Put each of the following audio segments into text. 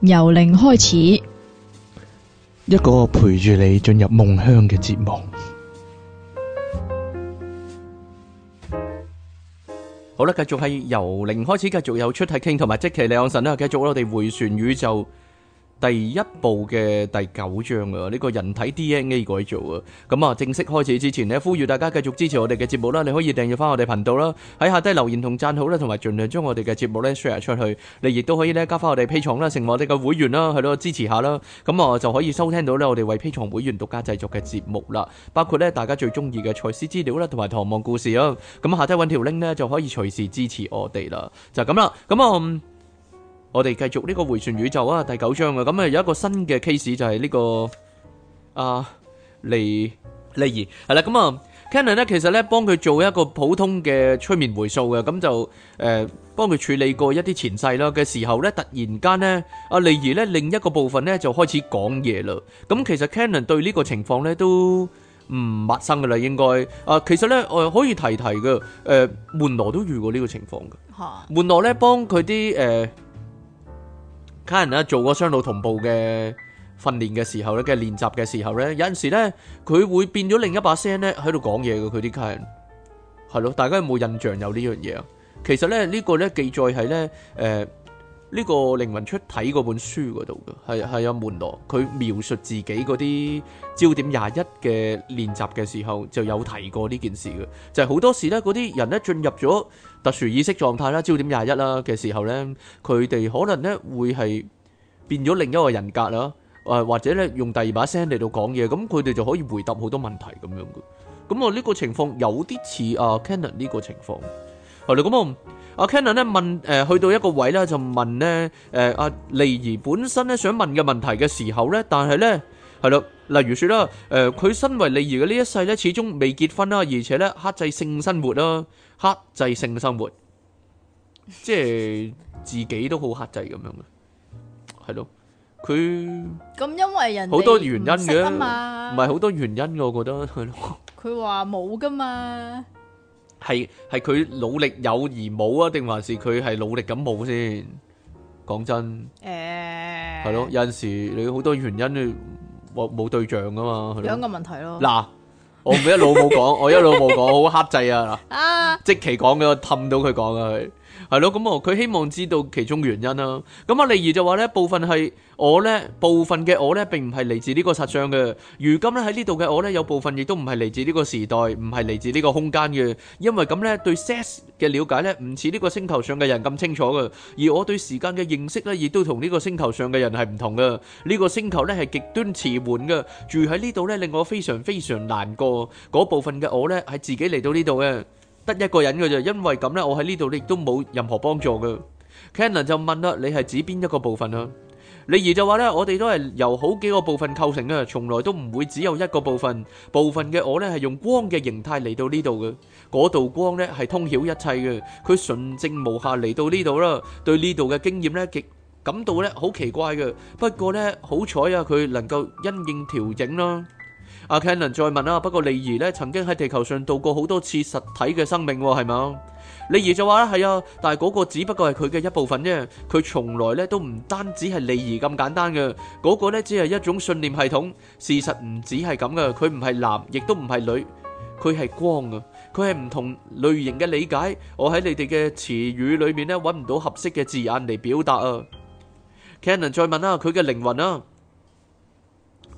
由零開始，一個陪住你進入夢鄉嘅節目。好啦，繼續係由零開始，繼續有出嚟傾，同埋即其李安臣啦，繼續我哋回旋宇宙。第一部嘅第九章啊，呢、這個人體 DNA 改造啊，咁啊正式開始之前呢，呼籲大家繼續支持我哋嘅節目啦，你可以訂閱翻我哋頻道啦，喺下低留言同讚好啦，同埋盡量將我哋嘅節目咧 share 出去，你亦都可以咧加翻我哋 P 廠啦，成為我哋嘅會員啦，去到支持下啦，咁啊就可以收聽到呢，我哋為 P 廠會員獨家製作嘅節目啦，包括呢大家最中意嘅財師資料啦，同埋唐望故事啊，咁下低搵條 link 呢，就可以隨時支持我哋啦，就咁啦，咁啊。嗯我哋繼續呢個迴旋宇宙啊，第九章啊，咁啊有一個新嘅 case 就係呢個阿利利兒係啦。咁啊，Cannon 咧其實咧幫佢做一個普通嘅催眠回溯嘅，咁就誒幫佢處理過一啲前世咯嘅時候咧，突然間咧阿利兒咧另一個部分咧就開始講嘢啦。咁其實 Cannon 對呢個情況咧都唔陌生噶啦，應該啊，其實咧我可以提提嘅誒，門羅都遇過呢個情況嘅。嚇，門羅咧幫佢啲誒。客人啊，做過雙腦同步嘅訓練嘅時候咧，嘅練習嘅時候咧，有陣時咧，佢會變咗另一把聲咧喺度講嘢嘅，佢啲客人係咯，大家有冇印象有呢樣嘢啊？其實咧，呢個咧記載係咧，誒、呃。呢、這個靈魂出體嗰本書嗰度嘅係係有門羅，佢描述自己嗰啲焦點廿一嘅練習嘅時候就有提過呢件事嘅，就係、是、好多時咧嗰啲人咧進入咗特殊意識狀態啦，焦點廿一啦嘅時候咧，佢哋可能咧會係變咗另一個人格啦，誒、啊、或者咧用第二把聲嚟到講嘢，咁佢哋就可以回答好多問題咁樣嘅，咁我呢個情況有啲似啊 Cannon 呢個情況，係啦咁啊。阿 Cannon 咧問誒去到一個位咧就問咧誒阿麗兒本身咧想問嘅問題嘅時候咧，但係咧係咯，例如説啦誒佢身為麗兒嘅呢一世咧，始終未結婚啦，而且咧克制性生活啦，克制性生活，即係自己都好克制咁樣嘅，係咯，佢咁因為人好多原因嘅，唔係好多原因嘅，我覺得係咯，佢話冇噶嘛。係係佢努力有而冇啊，定還是佢係努力咁冇先？講真，誒、欸，係咯，有陣時你好多原因，你冇冇對象噶嘛？兩個問題咯。嗱，我一路冇講， 我一路冇講，好克制啊！嗱，啊、即期講嘅，氹到佢講啊係咯，咁啊，佢希望知道其中原因啦。咁啊，例如就話咧，呢部分係我咧，部分嘅我咧，並唔係嚟自呢個實相嘅。如今咧喺呢度嘅我咧，有部分亦都唔係嚟自呢個時代，唔係嚟自呢個空間嘅。因為咁咧，對 Sas 嘅了解咧，唔似呢個星球上嘅人咁清楚嘅。而我對時間嘅認識咧，亦都同呢個星球上嘅人係唔同嘅。呢個星球咧係極端遲緩嘅，住喺呢度咧令我非常非常難過。嗰部分嘅我咧係自己嚟到呢度嘅。得一個人嘅啫，因為咁咧，我喺呢度咧亦都冇任何幫助嘅。Cannon 就問啦，你係指邊一個部分啊？李儀就話咧，我哋都係由好幾個部分構成嘅，從來都唔會只有一個部分。部分嘅我咧係用光嘅形態嚟到呢度嘅，嗰道光咧係通曉一切嘅，佢純正無瑕嚟到呢度啦，對呢度嘅經驗咧極感到咧好奇怪嘅，不過咧好彩啊，佢能夠因應調整啦。阿 Cannon 再問啦，不過利儀咧曾經喺地球上度過好多次實體嘅生命喎，係嘛？利儀就話啦：係啊，但係嗰個只不過係佢嘅一部分啫。佢從來咧都唔單止係利儀咁簡單嘅，嗰個咧只係一種信念系統。事實唔止係咁嘅，佢唔係男，亦都唔係女，佢係光啊！佢係唔同類型嘅理解。我喺你哋嘅詞語裏面咧揾唔到合適嘅字眼嚟表達啊。Cannon 再問啦，佢嘅靈魂啊！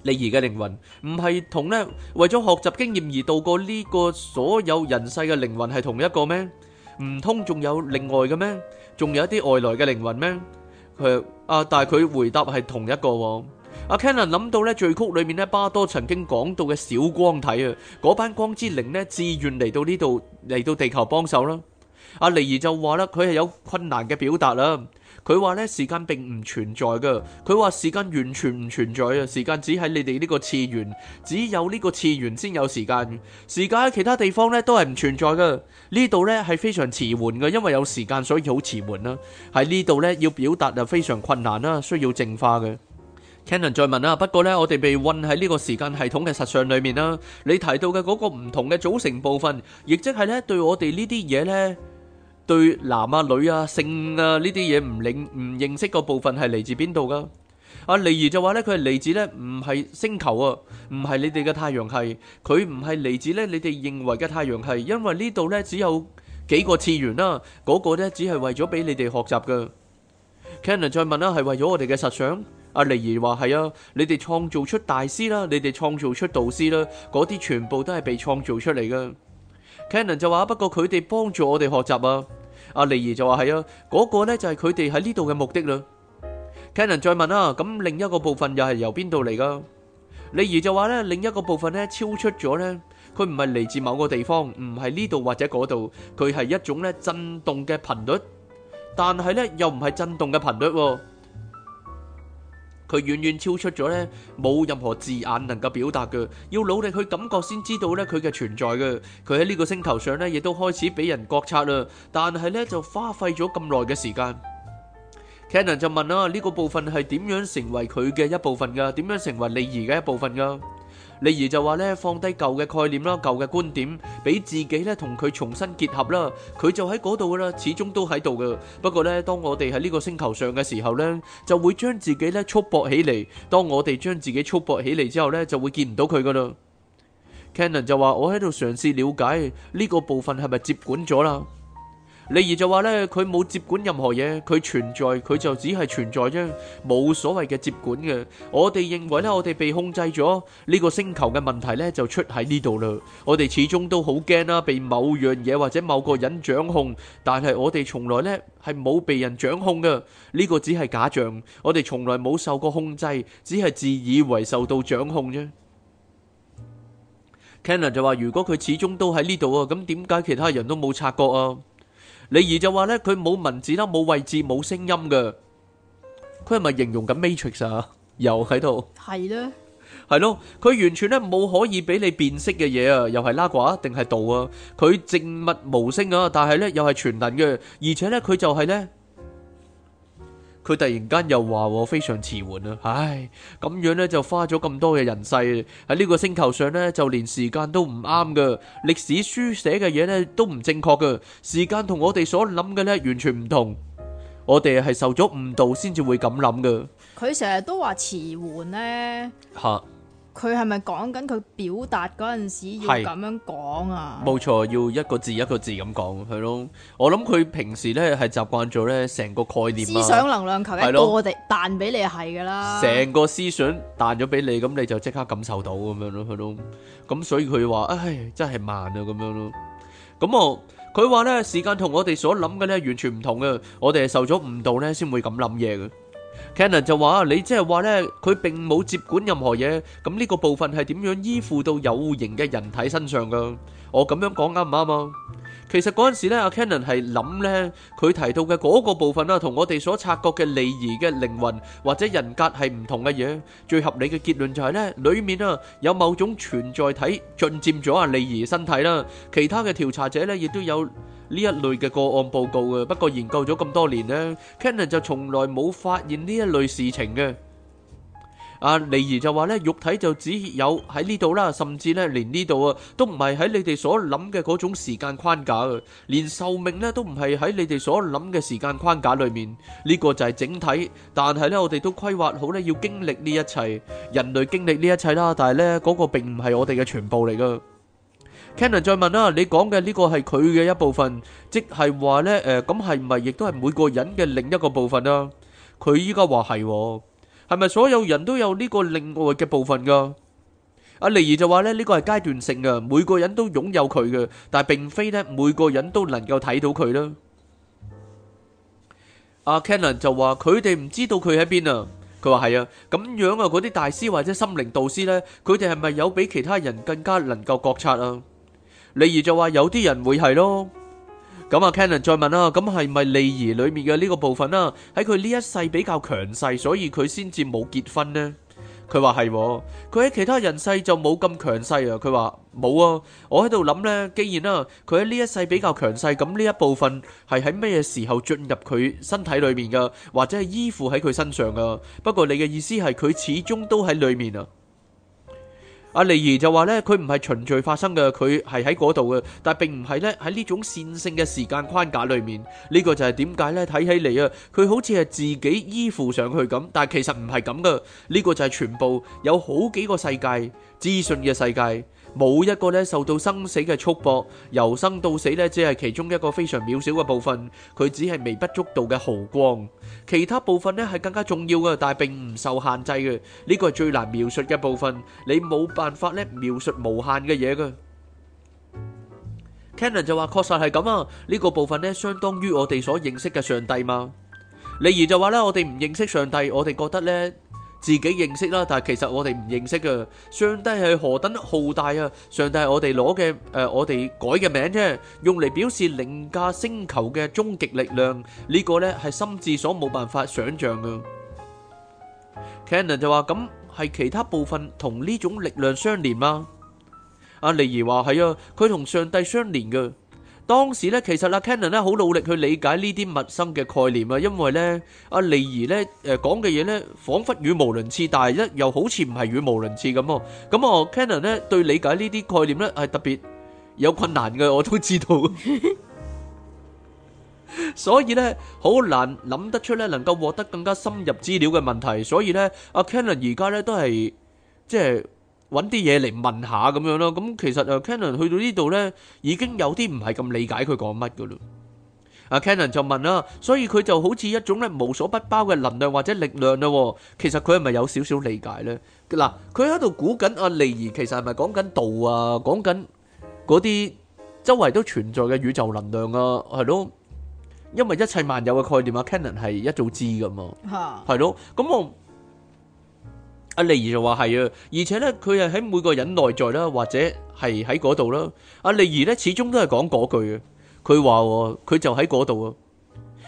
利兒嘅靈魂唔係同咧為咗學習經驗而度過呢個所有人世嘅靈魂係同一個咩？唔通仲有另外嘅咩？仲有一啲外來嘅靈魂咩？佢啊，但係佢回答係同一個喎。阿 Cannon 諗到咧，序曲裏面咧巴多曾經講到嘅小光體啊，嗰班光之靈咧，自願嚟到呢度嚟到地球幫手啦。阿利兒就話啦，佢係有困難嘅表達啦。佢話咧時間並唔存在噶，佢話時間完全唔存在啊！時間只喺你哋呢個次元，只有呢個次元先有時間。時間喺其他地方咧都係唔存在噶。呢度咧係非常遲緩嘅，因為有時間，所以好遲緩啦。喺呢度咧要表達呀非常困難啦，需要淨化嘅。Cannon 再問啦，不過咧我哋被困喺呢個時間系統嘅實相裡面啦。你提到嘅嗰個唔同嘅組成部分，亦即係咧對我哋呢啲嘢咧。對男啊、女啊、性啊呢啲嘢，唔認唔認識個部分係嚟自邊度噶？阿利兒就話咧，佢係嚟自咧，唔係星球啊，唔係你哋嘅太陽系，佢唔係嚟自咧你哋認為嘅太陽系，因為呢度咧只有幾個次元啦，嗰個咧只係為咗俾你哋學習噶。Ken 再問啦，係為咗我哋嘅實相？阿利兒話係啊，你哋創造出大師啦，你哋創造出導師啦，嗰啲全部都係被創造出嚟噶。Canon 就話：不過佢哋幫助我哋學習啊！阿利兒就話：係啊，嗰個咧就係佢哋喺呢度嘅目的啦。Canon 再問啦：咁另一個部分又係由邊度嚟噶？利兒就話咧：另一個部分咧超出咗咧，佢唔係嚟自某個地方，唔係呢度或者嗰度，佢係一種咧震動嘅頻率，但係咧又唔係震動嘅頻率。佢遠遠超出咗咧，冇任何字眼能夠表達嘅，要努力去感覺先知道咧佢嘅存在嘅。佢喺呢個星球上咧，亦都開始俾人覺察啦，但係咧就花費咗咁耐嘅時間。Cannon 就問啊，呢個部分係點樣成為佢嘅一部分㗎？點樣成為你而家嘅一部分㗎？利兒就話咧，放低舊嘅概念啦，舊嘅觀點，俾自己咧同佢重新結合啦。佢就喺嗰度噶啦，始終都喺度噶。不過咧，當我哋喺呢個星球上嘅時候咧，就會將自己咧束縛起嚟。當我哋將自己束縛起嚟之後咧，就會見唔到佢噶啦。Cannon 就話：我喺度嘗試了解呢個部分係咪接管咗啦。例如就話咧，佢冇接管任何嘢，佢存在，佢就只係存在啫，冇所謂嘅接管嘅。我哋認為咧，我哋被控制咗呢個星球嘅問題咧就出喺呢度啦。我哋始終都好驚啦，被某樣嘢或者某個人掌控，但係我哋從來咧係冇被人掌控嘅，呢個只係假象。我哋從來冇受過控制，只係自以為受到掌控啫。Canner 就話：如果佢始終都喺呢度啊，咁點解其他人都冇察覺啊？李儀就話咧，佢冇文字啦，冇位置，冇聲音嘅，佢係咪形容緊 Matrix 啊？又喺度，係咧，係咯，佢完全咧冇可以俾你辨識嘅嘢啊！又係拉呱定係道啊？佢靜默無聲啊，但係咧又係全能嘅，而且咧佢就係咧。佢突然間又話我非常遲緩啊！唉，咁樣咧就花咗咁多嘅人世喺呢個星球上咧，就連時間都唔啱噶，歷史書寫嘅嘢咧都唔正確噶，時間同我哋所諗嘅咧完全唔同，我哋係受咗誤導先至會咁諗噶。佢成日都話遲緩咧。佢係咪講緊佢表達嗰陣時要咁樣講啊？冇錯，要一個字一個字咁講，係咯。我諗佢平時咧係習慣咗咧，成個概念思想能量球一個地彈俾你係噶啦，成個思想彈咗俾你，咁你就即刻感受到咁樣咯，係咯。咁所以佢話唉，真係慢啊，咁樣咯。咁我佢話咧，時間同我哋所諗嘅咧完全唔同嘅，我哋係受咗誤導咧，先會咁諗嘢嘅。Canon 就話：你即係話咧，佢並冇接管任何嘢，咁呢個部分係點樣依附到有形嘅人體身上㗎？我咁樣講啱唔啱啊？其實嗰陣時咧，阿 Cannon 係諗咧，佢提到嘅嗰個部分啊，同我哋所察覺嘅利兒嘅靈魂或者人格係唔同嘅嘢。最合理嘅結論就係咧，裡面啊有某種存在體進佔咗阿利兒身體啦。其他嘅調查者咧，亦都有呢一類嘅個案報告嘅。不過研究咗咁多年咧，Cannon 就從來冇發現呢一類事情嘅。阿尼兒就話咧，肉體就只有喺呢度啦，甚至咧連呢度啊都唔係喺你哋所諗嘅嗰種時間框架嘅，連壽命咧都唔係喺你哋所諗嘅時間框架裡面。呢個就係整體，但係咧我哋都規劃好咧要經歷呢一切，人類經歷呢一切啦。但係咧嗰個並唔係我哋嘅全部嚟噶。Cannon 再問啦，你講嘅呢個係佢嘅一部分，即係話咧誒咁係唔係亦都係每個人嘅另一個部分啊？佢依家話係喎。係咪所有人都有呢個另外嘅部分噶？阿利兒就話呢，呢個係階段性嘅，每個人都擁有佢嘅，但係並非呢每個人都能夠睇到佢啦。阿 Cannon 就話佢哋唔知道佢喺邊啊。佢話係啊，咁樣啊，嗰啲大師或者心靈導師呢，佢哋係咪有比其他人更加能夠覺察啊？利兒就話有啲人會係咯。咁啊，Canon 再問啦，咁係咪利儀裡面嘅呢個部分啊？喺佢呢一世比較強勢，所以佢先至冇結婚呢。佢話係喎，佢喺其他人世就冇咁強勢啊。佢話冇啊，我喺度諗呢，既然啊，佢喺呢一世比較強勢，咁呢一部分係喺咩嘢時候進入佢身體裡面噶，或者係依附喺佢身上噶？不過你嘅意思係佢始終都喺裡面啊？阿麗兒就話咧，佢唔係循序發生嘅，佢係喺嗰度嘅，但係並唔係咧喺呢種線性嘅時間框架裏面，呢個就係點解咧睇起嚟，啊，佢好似係自己依附上去咁，但係其實唔係咁噶，呢個就係全部有好幾個世界資訊嘅世界。冇一個咧受到生死嘅束縛，由生到死咧，只係其中一個非常渺小嘅部分，佢只係微不足道嘅毫光。其他部分咧係更加重要嘅，但係並唔受限制嘅。呢個係最難描述嘅部分，你冇辦法咧描述無限嘅嘢嘅。Cannon 就話：確實係咁啊，呢個部分咧相當於我哋所認識嘅上帝嘛。李儀就話咧：我哋唔認識上帝，我哋覺得咧。自己認識啦，但係其實我哋唔認識嘅。上帝係何等浩大啊！上帝係我哋攞嘅，誒我哋改嘅名啫，用嚟表示凌駕星球嘅終極力量。呢個咧係心智所冇辦法想象嘅。Canon 就話：咁係其他部分同呢種力量相連嗎？阿利爾話：係啊，佢同上帝相連嘅。當時咧，其實阿 Kenan 咧好努力去理解呢啲陌生嘅概念啊，因為咧阿利兒咧誒講嘅嘢咧，仿佛語無倫次，但係又好似唔係語無倫次咁。咁我 Kenan 咧對理解呢啲概念咧係特別有困難嘅，我都知道。 所以咧，好難諗得出咧能夠獲得更加深入資料嘅問題。所以咧，阿 Kenan 而家咧都係即係。揾啲嘢嚟問下咁樣咯，咁其實啊，Canon 去到呢度咧，已經有啲唔係咁理解佢講乜㗎喇。阿 Canon 就問啦，所以佢就好似一種咧無所不包嘅能量或者力量咯。其實佢係咪有少少理解咧？嗱，佢喺度估緊阿利兒其實係咪講緊道啊，講緊嗰啲周圍都存在嘅宇宙能量啊，係咯。因為一切萬有嘅概念，阿 Canon 係一早知嘅嘛，係咯。咁我。阿麗兒就話係啊，而且咧佢係喺每個人內在啦，或者係喺嗰度啦。阿麗兒咧始終都係講嗰句嘅，佢話喎，佢就喺嗰度啊。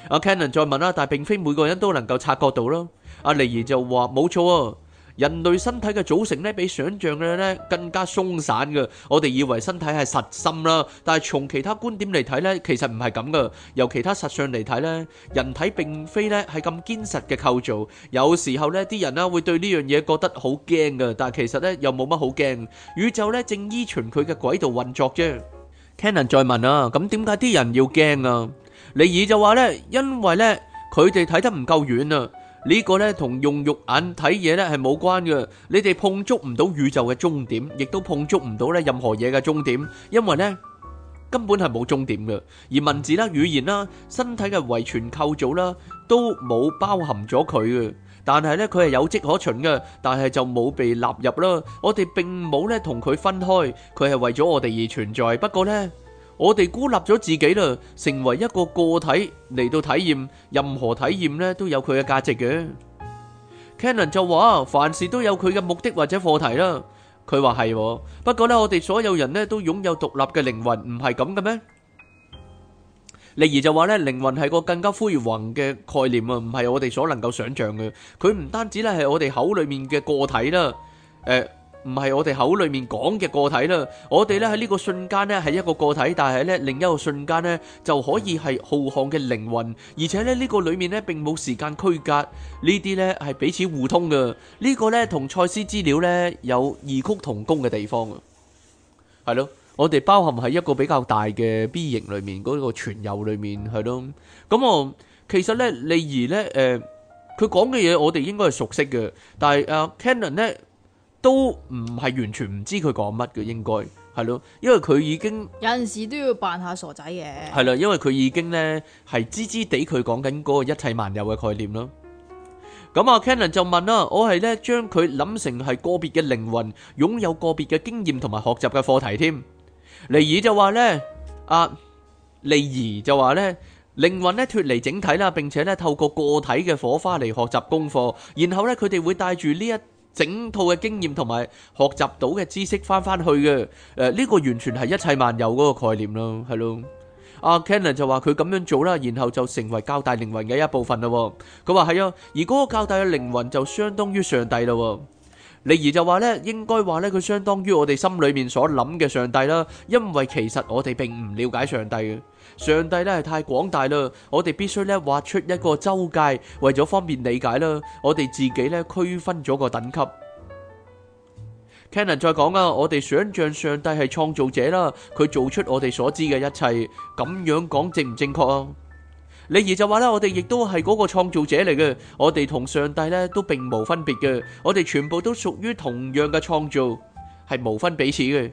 阿 Cannon 再問啦，但係並非每個人都能夠察覺到啦。阿麗兒就話冇錯啊。人類身體嘅組成咧，比想象嘅咧更加鬆散嘅。我哋以為身體係實心啦，但係從其他觀點嚟睇咧，其實唔係咁嘅。由其他實相嚟睇咧，人體並非咧係咁堅實嘅構造。有時候咧，啲人啦會對呢樣嘢覺得好驚嘅，但係其實咧又冇乜好驚。宇宙咧正依循佢嘅軌道運作啫。Cannon 再問啊，咁點解啲人要驚啊？李爾就話咧，因為咧佢哋睇得唔夠遠啊。呢個呢同用肉眼睇嘢呢係冇關嘅，你哋碰觸唔到宇宙嘅終點，亦都碰觸唔到呢任何嘢嘅終點，因為呢根本係冇終點嘅。而文字啦、語言啦、身體嘅遺傳構造啦，都冇包含咗佢嘅。但係呢，佢係有跡可循嘅，但係就冇被納入啦。我哋並冇呢同佢分開，佢係為咗我哋而存在。不過呢。我哋孤立咗自己嘞，成為一個個體嚟到體驗任何體驗咧，都有佢嘅價值嘅。Cannon 就話凡事都有佢嘅目的或者課題啦。佢話係，不過咧，我哋所有人咧都擁有獨立嘅靈魂，唔係咁嘅咩？例如就話咧，靈魂係個更加輝煌嘅概念啊，唔係我哋所能夠想象嘅。佢唔單止咧係我哋口裏面嘅個體啦，誒。唔係我哋口裏面講嘅個體啦，我哋咧喺呢個瞬間咧係一個個體，但係咧另一個瞬間咧就可以係浩瀚嘅靈魂，而且咧呢個裏面咧並冇時間區隔，呢啲咧係彼此互通嘅，呢、這個咧同賽斯資料咧有異曲同工嘅地方啊，係咯，我哋包含喺一個比較大嘅 B 型裏面嗰、那個存有裏面係咯，咁我、嗯、其實咧例如咧誒，佢講嘅嘢我哋應該係熟悉嘅，但係 Cannon 咧。都唔係完全唔知佢講乜嘅，應該係咯，因為佢已經有陣時都要扮下傻仔嘅。係啦，因為佢已經呢係知知地佢講緊嗰個一切萬有嘅概念咯。咁啊，Cannon 就問啦，我係呢將佢諗成係個別嘅靈魂，擁有個別嘅經驗同埋學習嘅課題添。尼爾就話呢，啊，尼爾就話呢，靈魂呢脫離整體啦，並且呢透過個體嘅火花嚟學習功課，然後呢佢哋會帶住呢一。整套嘅經驗同埋學習到嘅知識翻翻去嘅，誒呢個完全係一切萬有嗰個概念咯，係咯。阿 Cannon 就話佢咁樣做啦，然後就成為較大靈魂嘅一部分啦。佢話係啊，而嗰個較大嘅靈魂就相當於上帝啦。例如就話咧，應該話咧，佢相當於我哋心裏面所諗嘅上帝啦，因為其實我哋並唔瞭解上帝嘅。上帝咧係太廣大啦，我哋必須咧畫出一個周界，為咗方便理解啦。我哋自己咧區分咗個等級。Cannon 再講啊，我哋想像上帝係創造者啦，佢做出我哋所知嘅一切，咁樣講正唔正確啊？李就話啦，我哋亦都係嗰個創造者嚟嘅，我哋同上帝咧都並無分別嘅，我哋全部都屬於同樣嘅創造，係無分彼此嘅。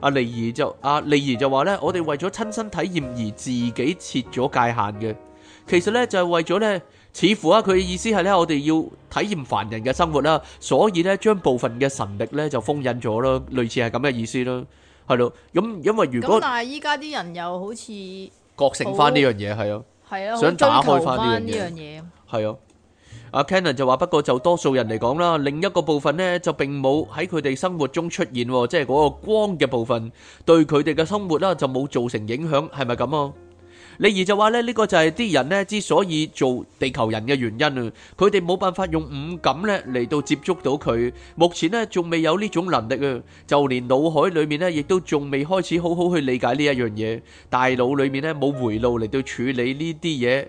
阿利兒就阿利兒就話咧，我哋為咗親身體驗而自己設咗界限嘅，其實咧就係為咗咧，似乎啊佢嘅意思係咧，我哋要體驗凡人嘅生活啦，所以咧將部分嘅神力咧就封印咗咯，類似係咁嘅意思咯，係咯，咁因為如果咁，但係依家啲人又好似覺醒翻呢樣嘢，係咯，係啊，想打開翻呢樣嘢，係咯。阿 Canon 就話：不過就多數人嚟講啦，另一個部分咧就並冇喺佢哋生活中出現喎，即係嗰個光嘅部分，對佢哋嘅生活啦就冇造成影響，係咪咁啊？李怡就話咧：呢個就係啲人咧之所以做地球人嘅原因啊，佢哋冇辦法用五感咧嚟到接觸到佢，目前咧仲未有呢種能力啊，就連腦海裡面咧亦都仲未開始好好去理解呢一樣嘢，大腦裡面咧冇回路嚟到處理呢啲嘢。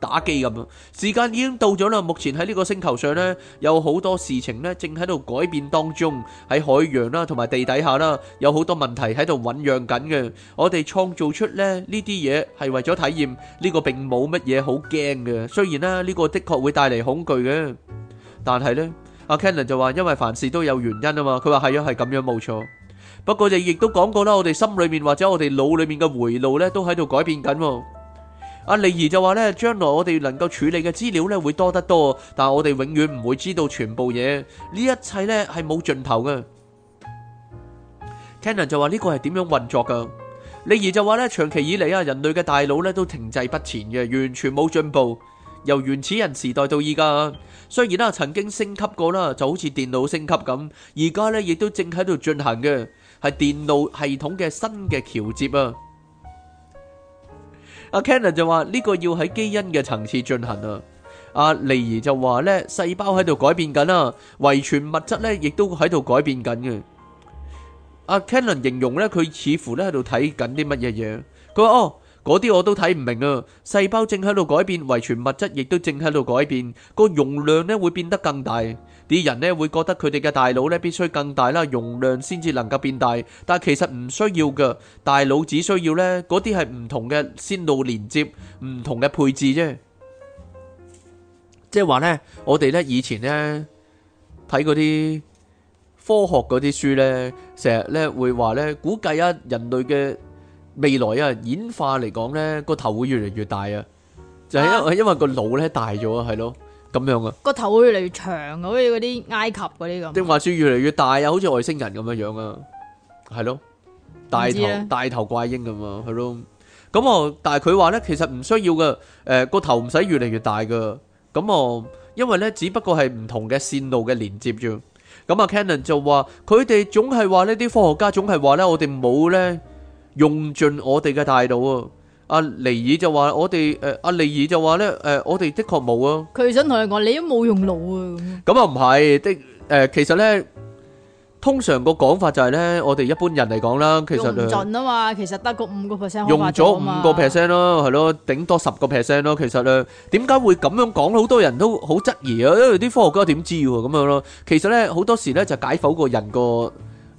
打機咁樣，時間已經到咗啦。目前喺呢個星球上呢，有好多事情呢，正喺度改變當中。喺海洋啦，同埋地底下啦，有好多問題喺度醖釀緊嘅。我哋創造出呢呢啲嘢，係為咗體驗呢個並冇乜嘢好驚嘅。雖然呢，呢個的確會帶嚟恐懼嘅，但係呢，阿 Cannon 就話，因為凡事都有原因啊嘛。佢話係啊，係咁樣冇錯。不過就亦都講過啦，我哋心裏面或者我哋腦裏面嘅回路呢，都喺度改變緊。阿利兒就話咧，將來我哋能夠處理嘅資料咧會多得多，但係我哋永遠唔會知道全部嘢，呢一切咧係冇盡頭嘅。Cannon 就話呢個係點樣運作㗎？利兒就話咧，長期以嚟啊，人類嘅大腦咧都停滯不前嘅，完全冇進步。由原始人時代到依家，雖然啦曾經升級過啦，就好似電腦升級咁，而家咧亦都正喺度進行嘅係電腦系統嘅新嘅橋接啊。阿 Kenan 就話呢、這個要喺基因嘅層次進行啊，阿麗兒就話呢，細胞喺度改變緊啊，遺傳物質呢亦都喺度改變緊嘅。阿 Kenan 形容呢，佢似乎咧喺度睇緊啲乜嘢嘢，佢話哦，嗰啲我都睇唔明啊，細胞正喺度改變，遺傳物質亦都正喺度改變，個容，哦、容量呢會變得更大。啲人咧會覺得佢哋嘅大腦咧必須更大啦，容量先至能夠變大，但係其實唔需要嘅，大腦只需要咧嗰啲係唔同嘅線路連接、唔同嘅配置啫。即係話咧，我哋咧以前咧睇嗰啲科學嗰啲書咧，成日咧會話咧，估計啊，人類嘅未來啊演化嚟講咧個頭會越嚟越大啊，就係因因為個腦咧大咗啊，係咯。咁樣啊，個頭會越嚟越長噶，好似嗰啲埃及嗰啲咁。即話說越嚟越大啊，好似外星人咁樣樣啊，係咯，大頭大頭怪嬰咁啊，係咯。咁啊但係佢話咧，其實唔需要噶，誒個頭唔使越嚟越大噶。咁啊因為咧，只不過係唔同嘅線路嘅連接啫。咁啊，Cannon 就話，佢哋總係話呢啲科學家總係話咧，我哋冇咧用盡我哋嘅大腦啊。阿尼爾就話：我哋誒，阿尼爾就話咧，誒，我哋的確冇啊。佢想同你講，你都冇用腦啊。咁咁啊，唔係的，誒，其實咧，通常個講法就係咧，我哋一般人嚟講啦，其實用盡啊嘛，其實得個五個 percent，用咗五個 percent 咯，係咯，頂多十個 percent 咯。其實咧，點解會咁樣講？好多人都好質疑啊，因為啲科學家點知喎咁樣咯。其實咧，好多時咧就解剖個人個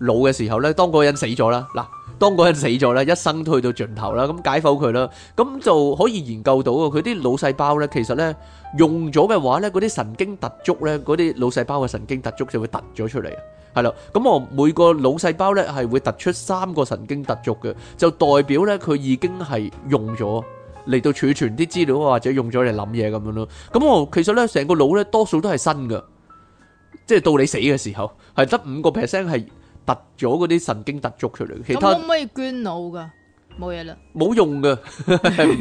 腦嘅時候咧，當嗰個人死咗啦嗱。當嗰人死咗咧，一生都去到盡頭啦，咁解剖佢啦，咁就可以研究到啊，佢啲腦細胞咧，其實咧用咗嘅話咧，嗰啲神經突觸咧，嗰啲腦細胞嘅神經突觸就會突咗出嚟。係啦，咁我每個腦細胞咧係會突出三個神經突觸嘅，就代表咧佢已經係用咗嚟到儲存啲資料或者用咗嚟諗嘢咁樣咯，咁我其實咧成個腦咧多數都係新㗎，即係到你死嘅時候係得五個 percent 係。突咗嗰啲神經突觸出嚟，其他可唔可以捐腦噶？冇嘢啦，冇用噶，唔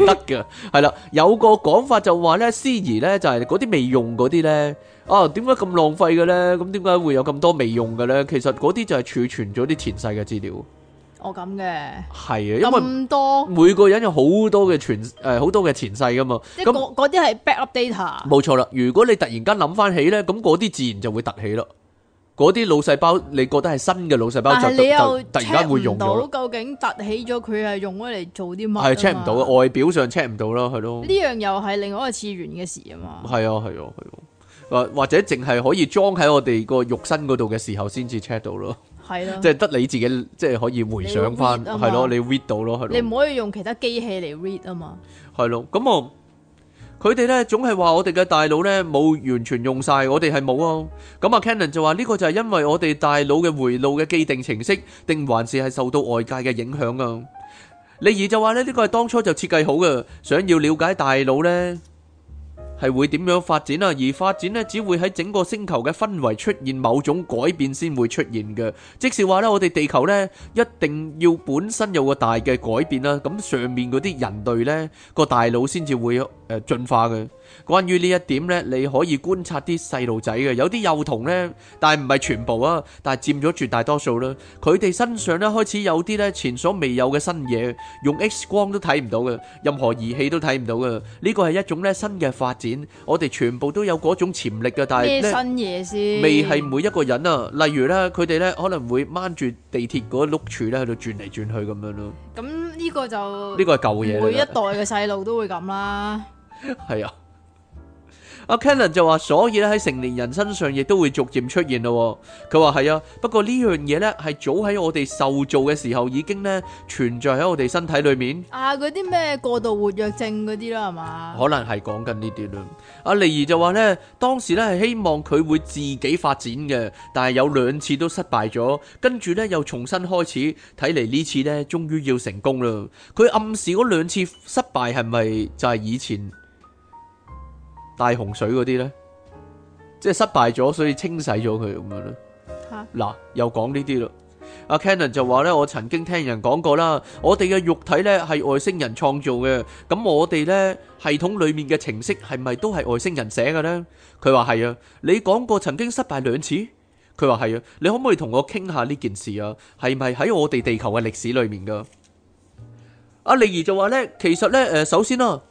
得噶，係啦。有個講法就話咧，司儀咧就係嗰啲未用嗰啲咧，啊，點解咁浪費嘅咧？咁點解會有咁多未用嘅咧？其實嗰啲就係儲存咗啲前世嘅資料。哦，咁嘅，係啊，因為咁多，每個人有好多嘅前誒，好多嘅前世噶嘛。咁嗰啲係 backup data。冇錯啦，如果你突然間諗翻起咧，咁嗰啲自然就會突起咯。嗰啲腦細胞，你覺得係新嘅腦細胞但你又就，就突然間會用到，究竟凸起咗佢係用咗嚟做啲乜？係 check 唔到嘅，外表上 check 唔到咯，係咯。呢樣又係另外一個次元嘅事啊嘛。係啊，係啊，係或或者淨係可以裝喺我哋個肉身嗰度嘅時候先至 check 到咯。係咯的，即係得你自己即係可以回想翻，係咯會，你 read 到咯，係咯。你唔可以用其他機器嚟 read 啊嘛的。係咯，咁我。佢哋咧，總係話我哋嘅大腦咧冇完全用晒。我哋係冇啊。咁啊 Cannon 就話呢個就係因為我哋大腦嘅回路嘅既定程式，定還是係受到外界嘅影響啊。利兒就話咧，呢個係當初就設計好嘅，想要了解大腦咧。係會點樣發展啊？而發展呢，只會喺整個星球嘅氛圍出現某種改變先會出現嘅。即是話呢，我哋地球呢，一定要本身有個大嘅改變啦。咁上面嗰啲人類呢個大腦先至會進化嘅。關於呢一點咧，你可以觀察啲細路仔嘅，有啲幼童咧，但係唔係全部啊，但係佔咗絕大多數啦。佢哋身上咧開始有啲咧前所未有嘅新嘢，用 X 光都睇唔到嘅，任何儀器都睇唔到嘅。呢個係一種咧新嘅發展，我哋全部都有嗰種潛力嘅。但係咩新嘢先？未係每一個人啊。例如咧，佢哋咧可能會掹住地鐵嗰碌柱咧喺度轉嚟轉去咁樣咯。咁呢個就呢個係舊嘢。每一代嘅細路都會咁啦。係啊。阿 Kenon 就話，所以咧喺成年人身上亦都會逐漸出現咯。佢話：係啊，不過呢樣嘢咧係早喺我哋受造嘅時候已經咧存在喺我哋身體裏面。啊，嗰啲咩過度活躍症嗰啲啦，係嘛？可能係講緊呢啲啦。阿麗兒就話咧，當時咧係希望佢會自己發展嘅，但係有兩次都失敗咗，跟住咧又重新開始。睇嚟呢次咧，終於要成功啦。佢暗示嗰兩次失敗係咪就係以前？大洪水嗰啲呢，即係失敗咗，所以清洗咗佢咁樣咯。嗱、啊，又講呢啲喇。阿 Canon 就話呢，我曾經聽人講過啦，我哋嘅肉體呢係外星人創造嘅，咁我哋呢，系統裏面嘅程式係咪都係外星人寫嘅呢？佢話係啊，你講過曾經失敗兩次，佢話係啊，你可唔可以同我傾下呢件事啊？係咪喺我哋地球嘅歷史裏面噶？阿麗兒就話呢，其實呢，誒、呃，首先啊。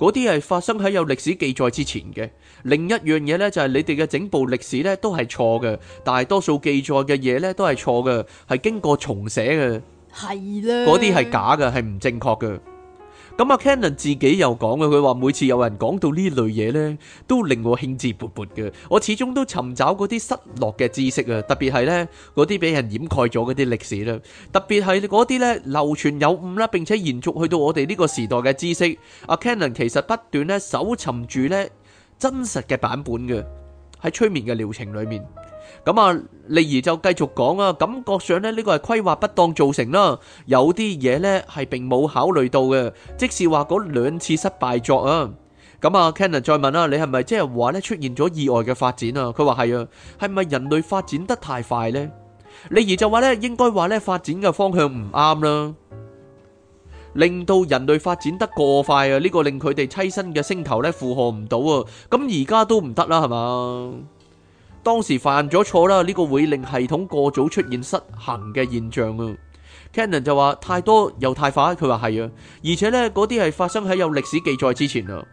嗰啲係發生喺有歷史記載之前嘅。另一樣嘢呢，就係你哋嘅整部歷史呢都係錯嘅，大多數記載嘅嘢呢都係錯嘅，係經過重寫嘅，係啦，嗰啲係假嘅，係唔正確嘅。咁阿 Canon 自己又講嘅，佢話每次有人講到呢類嘢呢，都令我興致勃勃嘅。我始終都尋找嗰啲失落嘅知識啊，特別係呢嗰啲俾人掩蓋咗嗰啲歷史啦，特別係嗰啲呢，流傳有誤啦，並且延續去到我哋呢個時代嘅知識。阿 Canon 其實不斷呢搜尋住呢真實嘅版本㗎，喺催眠嘅療程裏面。咁啊，利兒就繼續講啊，感覺上咧呢個係規劃不當造成啦，有啲嘢咧係並冇考慮到嘅，即是話嗰兩次失敗作啊。咁啊，Cannon 再問啦，你係咪即係話咧出現咗意外嘅發展啊？佢話係啊，係咪人類發展得太快咧？利兒就話咧，應該話咧發展嘅方向唔啱啦，令到人類發展得過快啊，呢個令佢哋棲身嘅星球咧負荷唔到啊，咁而家都唔得啦，係嘛？當時犯咗錯啦，呢個會令系統過早出現失衡嘅現象啊。Cannon 就話太多又太快，佢話係啊，而且咧嗰啲係發生喺有歷史記載之前啊。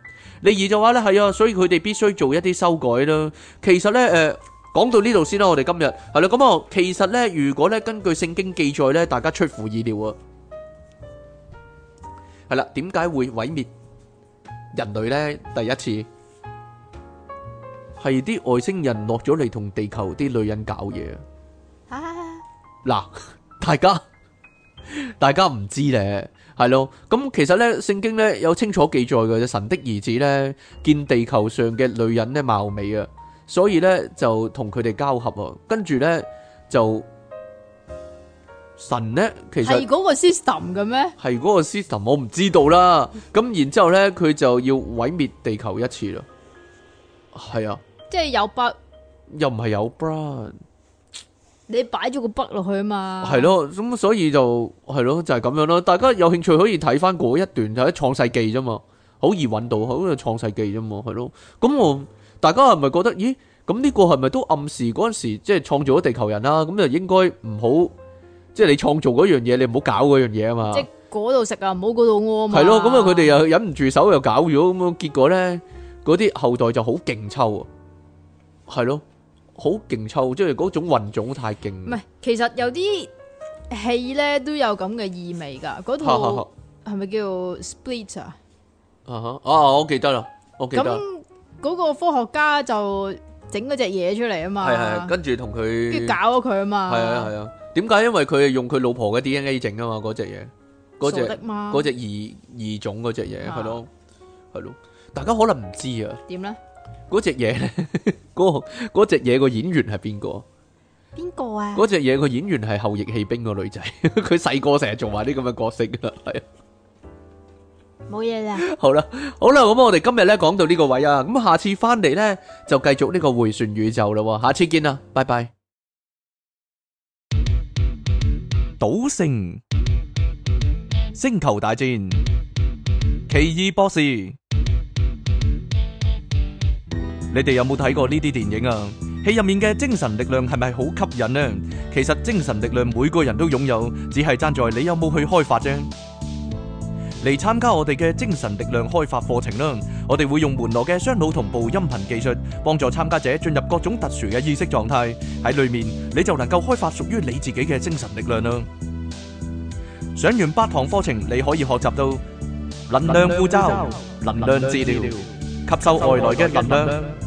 李二就話咧係啊，所以佢哋必須做一啲修改啦。其實咧誒，講到呢度先啦，我哋今日係啦咁啊，其實咧，如果咧根據聖經記載咧，大家出乎意料啊，係啦，點解會毀滅人類咧？第一次。係啲外星人落咗嚟同地球啲女人搞嘢啊！嗱，大家大家唔知咧，係咯，咁其實咧聖經咧有清楚記載嘅，神的兒子咧見地球上嘅女人咧貌美啊，所以咧就同佢哋交合啊，跟住咧就神咧其實係嗰個 system 嘅咩？係嗰個 system，我唔知道啦。咁然之後咧佢就要毀滅地球一次啦，係啊。即係有筆，又唔係有筆。你擺咗個筆落去啊嘛。係咯，咁所以就係咯，就係咁樣咯。大家有興趣可以睇翻嗰一段就係創世記啫嘛，好易揾到，好就創世記啫嘛，係咯。咁我大家係咪覺得，咦？咁呢個係咪都暗示嗰陣時即係創造咗地球人啦？咁就應該唔好，即係你創造嗰樣嘢，你唔好搞嗰樣嘢啊嘛。即係嗰度食啊，唔好嗰度屙啊。係咯，咁啊，佢哋又忍唔住手又搞咗，咁啊，結果咧嗰啲後代就好勁抽啊。係咯，好勁臭，即係嗰種混種太勁。唔係，其實有啲戲咧都有咁嘅意味噶。嗰套係咪叫 Split 啊？啊我記得啦，我記得。咁嗰個科學家就整嗰隻嘢出嚟啊嘛。係係。跟住同佢。跟住搞咗佢啊嘛。係啊係啊，點解？因為佢係用佢老婆嘅 DNA 整啊嘛，嗰隻嘢，嗰隻嗰隻異異種嗰隻嘢係咯，係咯、啊。大家可能唔知啊。點咧？嗰隻嘢咧，嗰隻隻嘢個、 那個那個、演員係邊個？邊個啊？嗰隻嘢個演員係後翼棄兵個女仔，佢細個成日做埋啲咁嘅角色啊，係冇嘢啦。好啦，好啦，咁我哋今日咧講到呢個位啊，咁下次翻嚟咧，就繼續呢個回旋宇宙咯。下次見啦，拜拜。賭聖、星球大戰、奇異博士。你哋有冇睇過呢啲電影啊？戲入面嘅精神力量係咪好吸引呢？其實精神力量每個人都擁有，只係爭在你有冇去開發啫。嚟參加我哋嘅精神力量開發課程啦！我哋會用門羅嘅雙腦同步音頻技術，幫助參加者進入各種特殊嘅意識狀態。喺裏面你就能夠開發屬於你自己嘅精神力量啦。上完八堂課程，你可以學習到能量護罩、能量治療、吸收外來嘅能量。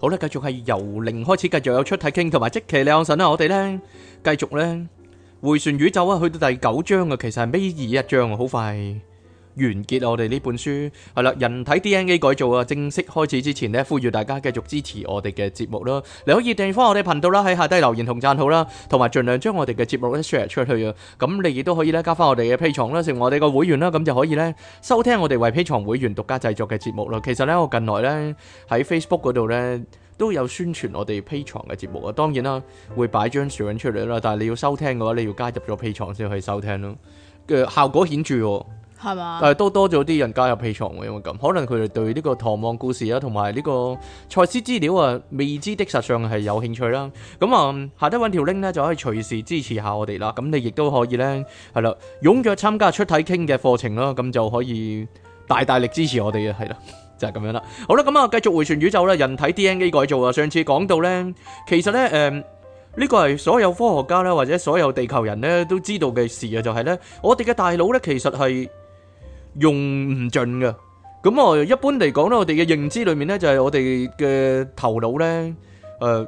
好啦，繼續係由零開始，繼續有出體傾，同埋即期兩神啦。我哋咧繼續咧迴旋宇宙啊，去到第九章啊，其實係尾二一章啊，好快。完結我哋呢本書係啦，人體 DNA 改造啊，正式開始之前咧，呼籲大家繼續支持我哋嘅節目啦。你可以訂翻我哋頻道啦，喺下低留言同讚好啦，同埋盡量將我哋嘅節目 share 出去啊。咁你亦都可以咧加翻我哋嘅 Patreon 啦，成我哋嘅會員啦，咁就可以咧收聽我哋為 Patreon 會員獨家製作嘅節目啦。其實呢，我近來呢喺 Facebook 嗰度呢都有宣傳我哋 Patreon 嘅節目啊。當然啦，會擺張相出嚟啦，但係你要收聽嘅話，你要加入咗 Patreon 先可以收聽咯。嘅、呃、效果顯著、哦。係嘛？是吧，但多咗啲人加入起床喎，因為咁可能佢哋對呢個唐望故事啊，同埋呢個賽斯資料啊，未知的實相係有興趣啦。咁啊，下低揾條 link 咧就可以隨時支持下我哋啦。咁你亦都可以咧，係啦，踴躍參加出體傾嘅課程啦，咁就可以大大力支持我哋嘅係啦，就係、是、咁樣啦。好啦，咁、嗯、啊，繼續迴旋宇宙啦。人體 DNA 改造啊，上次講到咧，其實咧，誒、嗯、呢、這個係所有科學家咧，或者所有地球人咧都知道嘅事啊，就係、是、咧，我哋嘅大腦咧，其實係。用唔盡嘅，咁我一般嚟講咧，我哋嘅認知裏面咧，就係我哋嘅頭腦咧，誒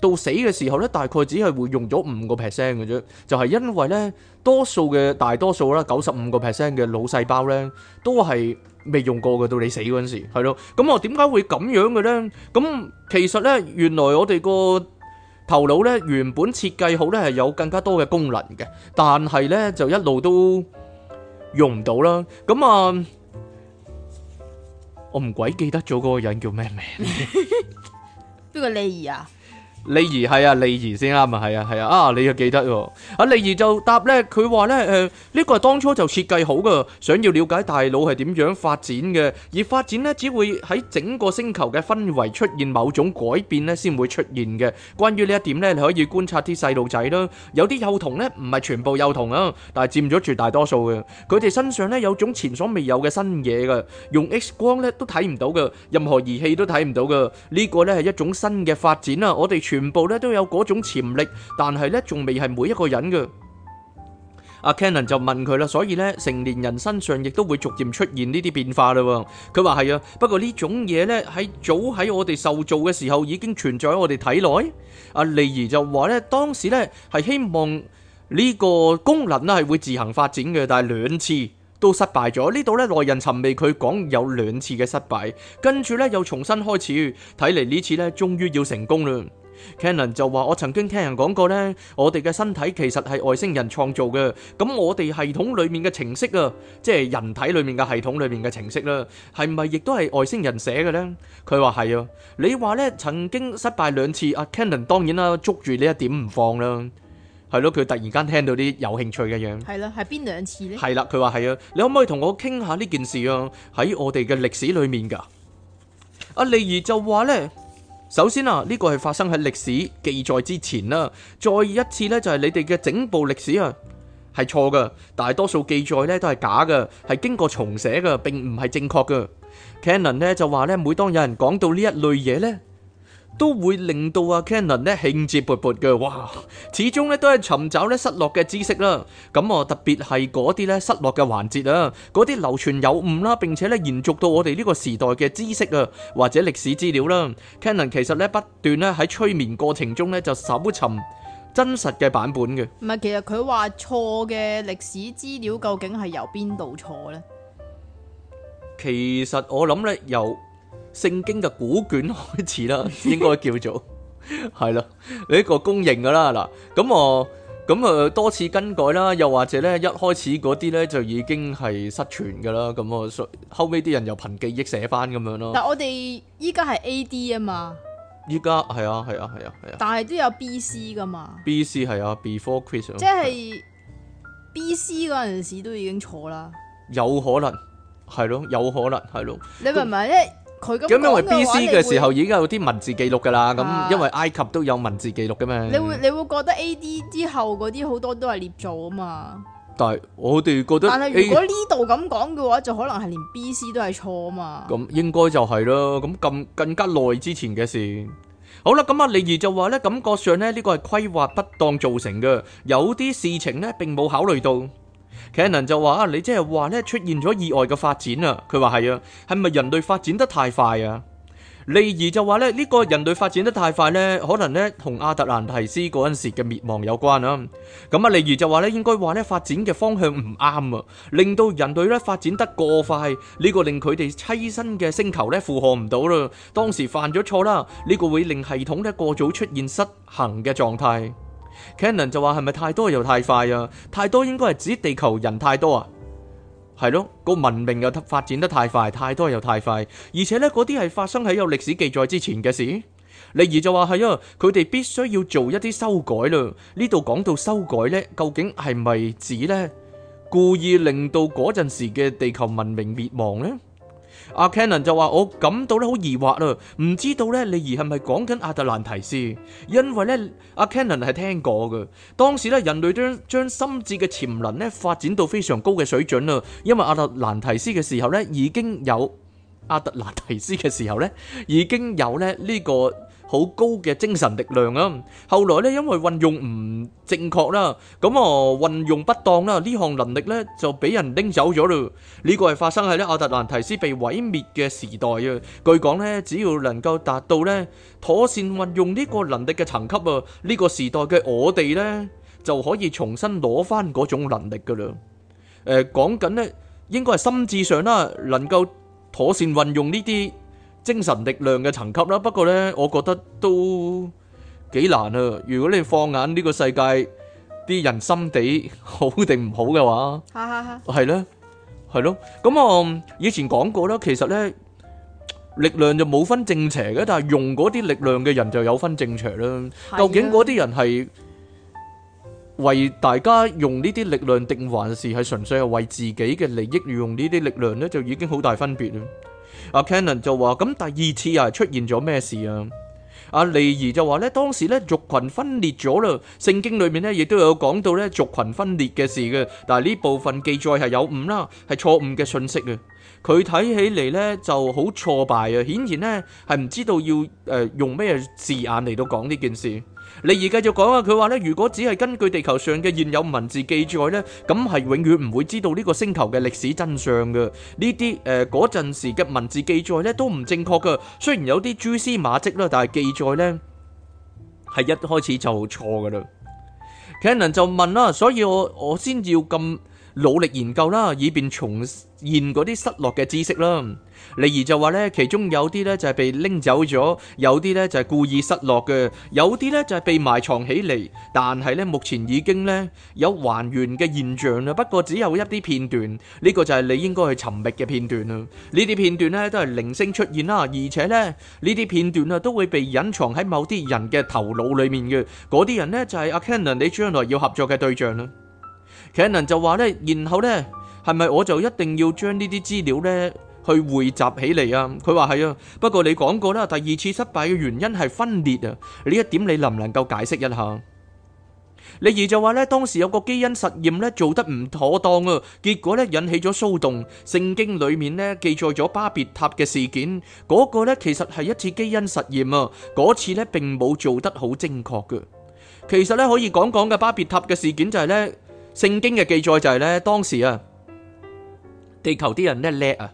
到死嘅時候咧，大概只係會用咗五個 percent 嘅啫，就係因為咧，多數嘅大多數啦，九十五個 percent 嘅腦細胞咧都係未用過嘅，到你死嗰陣時，係咯，咁我點解會咁樣嘅咧？咁其實咧，原來我哋個頭腦咧，原本設計好咧，係有更加多嘅功能嘅，但係咧就一路都，用唔到啦，咁啊、嗯，我唔鬼記得咗嗰個人叫咩名？邊個李儀啊？利兒係啊，利兒先啱啊，係啊，係啊，啊你又記得喎、啊？阿利兒就答咧，佢話咧，誒、呃、呢、呢個係當初就設計好嘅，想要了解大腦係點樣發展嘅，而發展咧只會喺整個星球嘅氛圍出現某種改變咧，先會出現嘅。關於呢一點咧，你可以觀察啲細路仔咯，有啲幼童咧唔係全部幼童啊，但係佔咗絕大多數嘅，佢哋身上咧有種前所未有嘅新嘢噶，用 X 光咧都睇唔到嘅，任何儀器都睇唔到嘅，這個、呢個咧係一種新嘅發展啊！我哋。全部咧都有嗰種潛力，但係咧仲未係每一個人嘅。阿 Cannon 就問佢啦，所以咧成年人身上亦都會逐漸出現呢啲變化啦。佢話係啊，不過呢種嘢咧喺早喺我哋受造嘅時候已經存在喺我哋體內。阿利兒就話咧，當時咧係希望呢個功能咧係會自行發展嘅，但係兩次都失敗咗。呢度咧耐人尋味，佢講有兩次嘅失敗，跟住咧又重新開始，睇嚟呢次咧終於要成功啦。Canon 就話：我曾經聽人講過呢，我哋嘅身體其實係外星人創造嘅。咁我哋系統裡面嘅程式啊，即係人體裡面嘅系統裡面嘅程式啦，係咪亦都係外星人寫嘅呢？」佢話係啊。你話呢，曾經失敗兩次，阿、啊、Canon 當然啦、啊，捉住呢一點唔放啦。係咯、啊，佢突然間聽到啲有興趣嘅樣。係咯，係邊兩次呢？係啦、啊，佢話係啊。你可唔可以同我傾下呢件事啊？喺我哋嘅歷史裡面噶，阿、啊、麗兒就話呢。首先啊，呢個係發生喺歷史記載之前啦。再一次呢，就係你哋嘅整部歷史啊，係錯嘅，大多數記載呢都係假嘅，係經過重寫嘅，並唔係正確嘅。Canon 呢就話呢，每當有人講到呢一類嘢呢，都會令到阿 Canon 咧興致勃勃嘅，哇！始終咧都係尋找咧失落嘅知識啦。咁啊特別係嗰啲咧失落嘅環節啊，嗰啲流傳有誤啦，並且咧延續到我哋呢個時代嘅知識啊，或者歷史資料啦。Canon 其實咧不斷咧喺催眠過程中咧就搜尋真實嘅版本嘅。唔係，其實佢話錯嘅歷史資料究竟係由邊度錯呢？其實我諗咧由……聖經嘅古卷開始啦，應該叫做係啦，一、 呢個公認噶啦嗱。咁我咁啊多次更改啦，又或者咧一開始嗰啲咧就已經係失傳噶啦。咁我後尾啲人又憑記憶寫翻咁樣咯。但我哋依家係 A.D. 啊嘛，依家係啊係啊係啊係啊，但係都有 B.C. 噶嘛。B.C. 係啊，Before Christ 即係、係啊、B.C. 嗰陣時都已經錯啦，有可能係咯，有可能係咯。你明唔明？即係。咁因為 BC 嘅時候已經有啲文字記錄噶啦，咁因為埃及都有文字記錄嘅嘛。你會你會覺得 AD 之後嗰啲好多都係捏造啊嘛？但係我哋覺得，但係如果呢度咁講嘅話，就可能係連 BC 都係錯啊嘛。咁應該就係啦。咁更更加耐之前嘅事。好啦，咁啊李儀就話咧，感覺上咧呢個係規劃不當造成嘅，有啲事情咧並冇考慮到。凱南就話啊，你即係話咧出現咗意外嘅發展啊，佢話係啊，係咪人類發展得太快啊？例如就話咧呢個人類發展得太快咧，可能咧同亞特蘭提斯嗰陣時嘅滅亡有關啊。咁啊，例如就話咧應該話咧發展嘅方向唔啱啊，令到人類咧發展得過快，呢、這個令佢哋棲身嘅星球咧負荷唔到啦。當時犯咗錯啦，呢、這個會令系統咧過早出現失衡嘅狀態。Canon 就話係咪太多又太快啊？太多應該係指地球人太多啊，係咯，個文明又發展得太快，太多又太快，而且咧嗰啲係發生喺有歷史記載之前嘅事。例如就話係啊，佢哋必須要做一啲修改啦。呢度講到修改咧，究竟係咪指咧故意令到嗰陣時嘅地球文明滅亡咧？阿 Canon 就話：我感到咧好疑惑啦，唔知道咧你而係咪講緊阿特蘭提斯，因為咧阿 Canon 係聽過嘅。當時咧人類將將心智嘅潛能咧發展到非常高嘅水準啦，因為阿特蘭提斯嘅時候咧已經有阿特蘭提斯嘅時候咧已經有咧呢個。好高嘅精神力量啊！後來咧，因為運用唔正確啦，咁啊，運用不當啦，呢項能力咧就俾人拎走咗咯。呢個係發生喺咧阿特蘭提斯被毀滅嘅時代啊。據講咧，只要能夠達到咧妥善運用呢個能力嘅層級啊，呢個時代嘅我哋咧就可以重新攞翻嗰種能力噶啦。誒，講緊咧，應該係心智上啦，能夠妥善運用呢啲。精神力量嘅層級啦，不過呢，我覺得都幾難啊！如果你放眼呢個世界，啲人心地好定唔好嘅話，係咯，係咯。咁啊，以前講過啦，其實呢，力量就冇分正邪嘅，但係用嗰啲力量嘅人就有分正邪啦。究竟嗰啲人係為大家用呢啲力量定還是係純粹係為自己嘅利益而用呢啲力量呢，就已經好大分別啦。阿 Canon 就話：咁第二次呀，出現咗咩事啊？阿利兒就話咧：當時咧族群分裂咗啦，聖經裏面咧亦都有講到咧族群分裂嘅事嘅，但係呢部分記載係有誤啦，係錯誤嘅信息嘅。佢睇起嚟呢就好挫敗啊！顯然呢係唔知道要誒、呃、用咩字眼嚟到講呢件事。例如繼續講啊，佢話呢如果只係根據地球上嘅現有文字記載呢，咁係永遠唔會知道呢個星球嘅歷史真相嘅。呢啲誒嗰陣時嘅文字記載呢都唔正確㗎。雖然有啲蛛絲馬跡啦，但係記載呢係一開始就錯嘅啦。Cannon 就問啦，所以我我先要咁。努力研究啦，以便重現嗰啲失落嘅知識啦。例如就話咧，其中有啲咧就係被拎走咗，有啲咧就係故意失落嘅，有啲咧就係被埋藏起嚟。但係咧，目前已經咧有還原嘅現象啦。不過只有一啲片段，呢、呢個就係你應該去尋覓嘅片段啦。呢啲片段咧都係零星出現啦，而且咧呢啲片段啊都會被隱藏喺某啲人嘅頭腦裏面嘅。嗰啲人咧就係阿 Kenan，你將來要合作嘅對象啦。Cannon 就話咧，然後咧係咪我就一定要將呢啲資料咧去匯集起嚟啊？佢話係啊，不過你講過啦，第二次失敗嘅原因係分裂啊，呢一點你能唔能夠解釋一下？李儀就話咧，當時有個基因實驗咧做得唔妥當啊，結果咧引起咗騷動。聖經裏面咧記載咗巴別塔嘅事件，嗰個咧其實係一次基因實驗啊，嗰次咧並冇做得好精確噶。其實咧可以講講嘅巴別塔嘅事件就係咧。聖經嘅記載就係、是、咧，當時啊，地球啲人叻叻啊，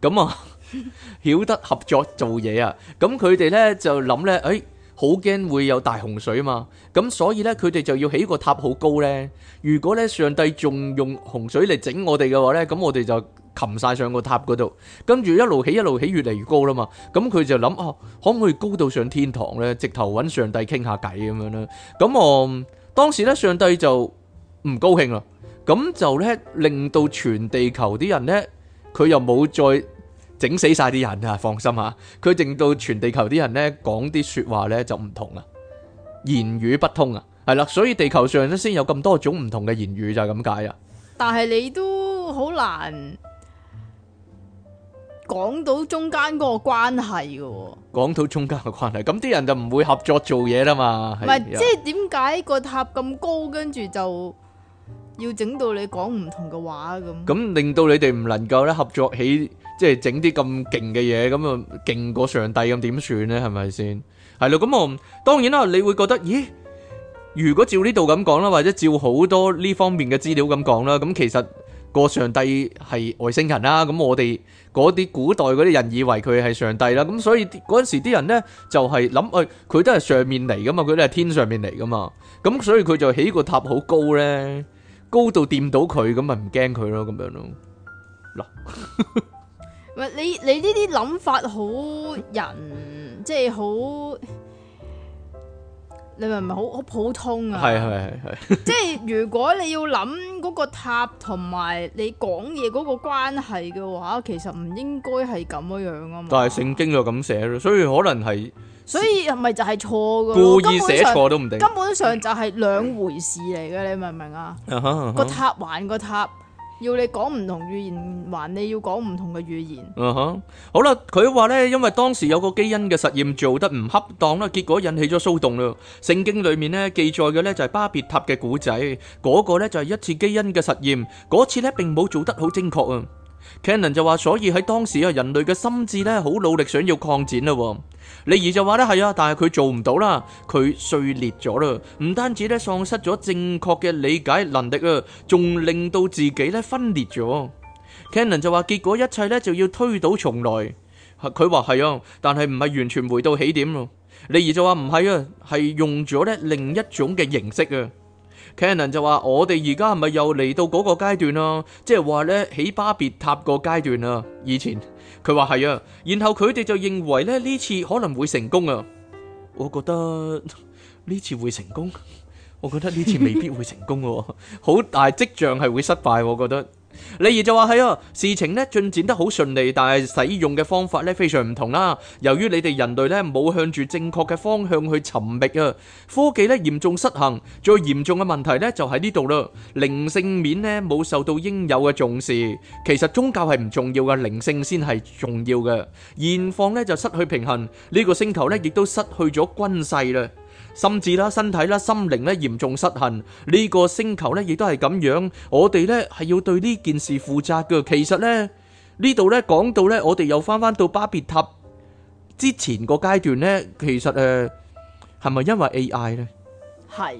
咁啊， 曉得合作做嘢啊，咁佢哋咧就諗咧，哎，好驚會有大洪水啊嘛，咁所以咧佢哋就要起個塔好高咧，如果咧上帝仲用洪水嚟整我哋嘅話咧，咁我哋就擒晒上個塔嗰度，跟住一路起一路起越嚟越高啦嘛，咁佢就諗啊，可唔可以高到上天堂咧？直頭揾上帝傾下偈咁樣啦，咁哦、嗯，當時咧上帝就，唔高興咯，咁就咧令到全地球啲人咧，佢又冇再整死晒啲人啊！放心吓，佢令到全地球啲人咧講啲說話咧就唔同啦，言語不通啊，係啦，所以地球上咧先有咁多種唔同嘅言語就係咁解啊。但係你都好難講到中間嗰個關係嘅。講到中間嘅關係，咁啲人就唔會合作做嘢啦嘛。唔係是，即係點解個塔咁高，跟住就？要整到你講唔同嘅話咁，咁令到你哋唔能夠咧合作起，即係整啲咁勁嘅嘢，咁啊勁過上帝咁點算咧？係咪先？係咯，咁我當然啦，你會覺得，咦？如果照呢度咁講啦，或者照好多呢方面嘅資料咁講啦，咁其實個上帝係外星人啦，咁我哋嗰啲古代嗰啲人以為佢係上帝啦，咁所以嗰陣時啲人咧就係、是、諗，誒、呃，佢都係上面嚟噶嘛，佢都係天上面嚟噶嘛，咁所以佢就起個塔好高咧。高度掂到佢，咁咪唔驚佢咯，咁樣咯嗱，唔係你你呢啲諗法好人，即係好你咪唔係好好普通啊，係係係，即係如果你要諗嗰個塔同埋你講嘢嗰個關係嘅話，其實唔應該係咁樣啊嘛，但係聖經就咁寫咯，所以可能係。所以係咪就係錯，故意寫錯都唔定，根本上根本上就係兩回事嚟嘅，你明唔明啊？個塔還個塔，要你講唔同語言，還你要講唔同嘅語言。嗯哼，好啦，佢話咧，因為當時有個基因嘅實驗做得唔恰當啦，結果引起咗騷動啦。聖經裏面咧記載嘅咧就係巴別塔嘅古仔，嗰個咧就係一次基因嘅實驗，嗰次咧並冇做得好精確啊。Cannon 就話，所以喺當時啊，人類嘅心智咧，好努力想要擴展啦。李兒就話咧，係啊，但係佢做唔到啦，佢碎裂咗啦。唔單止咧，喪失咗正確嘅理解能力啊，仲令到自己咧分裂咗。Cannon 就話，結果一切咧就要推倒重來。佢話係啊，但係唔係完全回到起點咯。李兒就話唔係啊，係用咗咧另一種嘅形式啊。Canon 就話：我哋而家係咪又嚟到嗰個階段啊？即係話咧起巴別塔個階段啊！以前佢話係啊，然後佢哋就認為咧呢次可能會成功啊！我覺得呢次會成功，我覺得呢次未必會成功喎、啊，好 大跡象係會失敗、啊、我覺得。例如就話係啊，事情咧進展得好順利，但係使用嘅方法咧非常唔同啦。由於你哋人類咧冇向住正確嘅方向去尋覓啊，科技咧嚴重失衡，最嚴重嘅問題咧就喺呢度啦。靈性面咧冇受到應有嘅重視，其實宗教係唔重要嘅，靈性先係重要嘅。現況咧就失去平衡，呢、這個星球咧亦都失去咗軍勢啦。甚至啦，身體啦，心靈咧嚴重失衡。呢個星球咧亦都係咁樣。我哋咧係要對呢件事負責噶。其實咧呢度咧講到咧，我哋又翻翻到巴別塔之前個階段咧。其實誒係咪因為 AI 咧？係，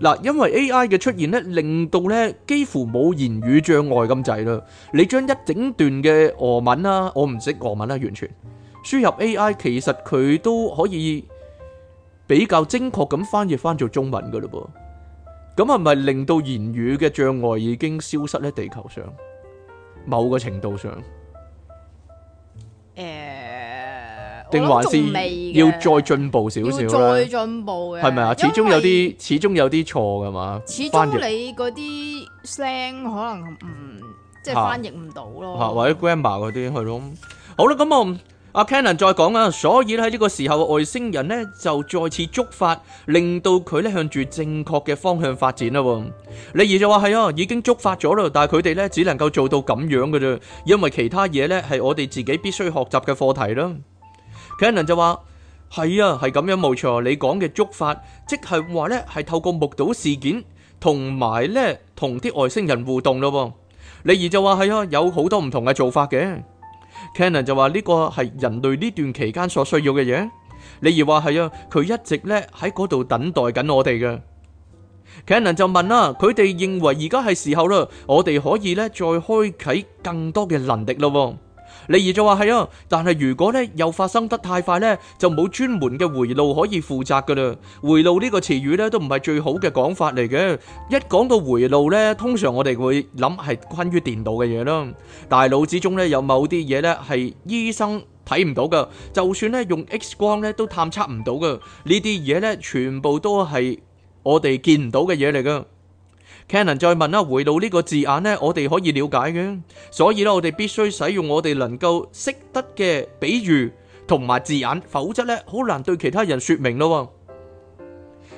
嗱，因為 AI 嘅出現咧，令到咧幾乎冇言語障礙咁滯啦。你將一整段嘅俄文啦，我唔識俄文啦，完全輸入 AI，其實佢都可以。比較精確咁翻譯翻做中文噶咯噃，咁係咪令到言語嘅障礙已經消失喺地球上？某個程度上，誒、呃，定還是要再進步少少再進步嘅係咪啊？始終有啲始終有啲錯噶嘛？始終你嗰啲聲可能唔即係翻譯唔到咯，或者 grammar 嗰啲係咯。好啦，咁我。阿 Cannon 再講啊，所以咧喺呢個時候外星人咧就再次觸發，令到佢咧向住正確嘅方向發展啦。李儀就話係啊，已經觸發咗啦，但係佢哋咧只能夠做到咁樣嘅啫，因為其他嘢咧係我哋自己必須學習嘅課題啦。Cannon 就話係啊，係咁樣冇錯，你講嘅觸發即係話咧係透過目睹事件同埋咧同啲外星人互動咯。李儀就話係啊，有好多唔同嘅做法嘅。Cannon 就話：呢個係人類呢段期間所需要嘅嘢。例如話係啊，佢一直咧喺嗰度等待緊我哋嘅。Cannon 就問啦、啊：佢哋認為而家係時候啦，我哋可以咧再開啟更多嘅能力咯。李儀就話，係啊，但係如果咧又發生得太快咧，就冇專門嘅回路可以負責噶啦。回路呢個詞語咧都唔係最好嘅講法嚟嘅。一講到回路咧，通常我哋會諗係關於電腦嘅嘢囉。大腦之中咧有某啲嘢咧係醫生睇唔到噶，就算咧用 X 光咧都探測唔到噶。呢啲嘢咧全部都係我哋見唔到嘅嘢嚟噶。Canon 再問啦，回路呢個字眼呢，我哋可以了解嘅，所以呢，我哋必須使用我哋能夠識得嘅比喻同埋字眼，否則呢，好難對其他人說明咯。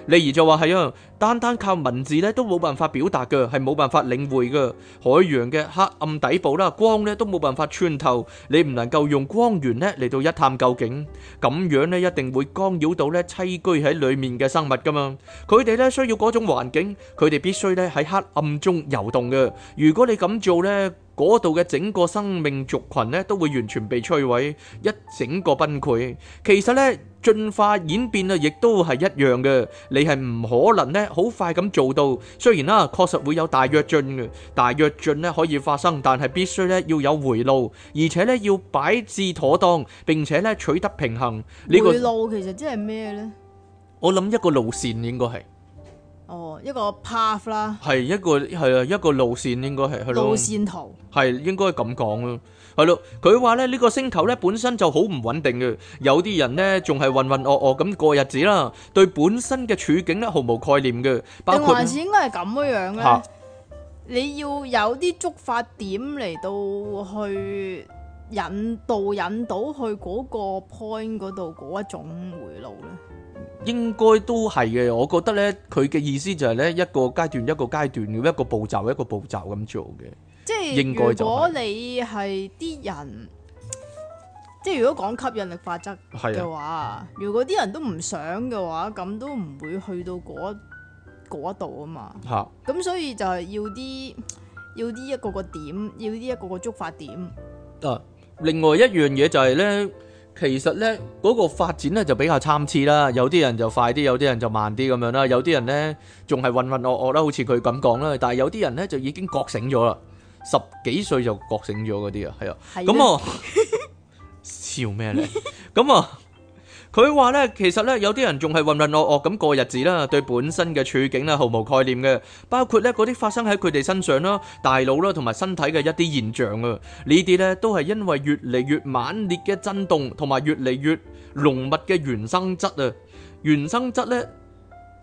例如就話係啊，單單靠文字咧，都冇辦法表達嘅，係冇辦法領會嘅。海洋嘅黑暗底部啦，光咧都冇辦法穿透，你唔能夠用光源咧嚟到一探究竟，咁樣咧一定會干擾到咧棲居喺裏面嘅生物噶嘛。佢哋咧需要嗰種環境，佢哋必須咧喺黑暗中游動嘅。如果你咁做咧，嗰度嘅整個生命族群咧都會完全被摧毀，一整個崩潰。其實咧。進化演變啊，亦都係一樣嘅。你係唔可能咧好快咁做到。雖然啦，確實會有大躍進嘅，大躍進咧可以發生，但係必須咧要有回路，而且咧要擺置妥當，並且咧取得平衡。呢、這個回路其實即係咩呢？我諗一個路綫應該係，哦，一個 path 啦，係一個係啊，一個路綫應該係去路綫圖，係應該咁講咯。係咯，佢話咧呢個星球咧本身就好唔穩定嘅，有啲人咧仲係渾渾噩噩咁過日子啦，對本身嘅處境咧毫無概念嘅。定還是應該係咁樣樣咧？你要有啲觸發點嚟到去引導、引導去嗰個 point 嗰度嗰一種回路咧？應該都係嘅，我覺得咧，佢嘅意思就係咧一個階段一個階段，要一個步驟一個步驟咁做嘅。即係、應該就係、如果你係啲人，即係如果講吸引力法則嘅話，是的如果啲人都唔想嘅話，咁都唔會去到嗰度啊嘛。嚇的！咁所以就係要啲要啲一,一個個點，要啲一,一個個觸發點。啊！另外一樣嘢就係咧，其實咧嗰、那個嗰個發展咧就比較參差啦。有啲人就快啲，有啲人就慢啲咁樣啦。有啲人咧仲係混混噩噩啦，好似佢咁講啦。但係有啲人咧就已經覺醒咗啦。十幾歲就覺醒咗嗰啲啊，係啊，咁啊是的 笑咩呢？咁啊， 佢話呢，其實呢，有啲人仲係渾渾噩噩咁過日子啦，對本身嘅處境呢，毫無概念嘅，包括呢嗰啲發生喺佢哋身上啦、大腦啦同埋身體嘅一啲現象啊，呢啲呢，都係因為越嚟越猛烈嘅震動同埋越嚟越濃密嘅原生質啊，原生質呢。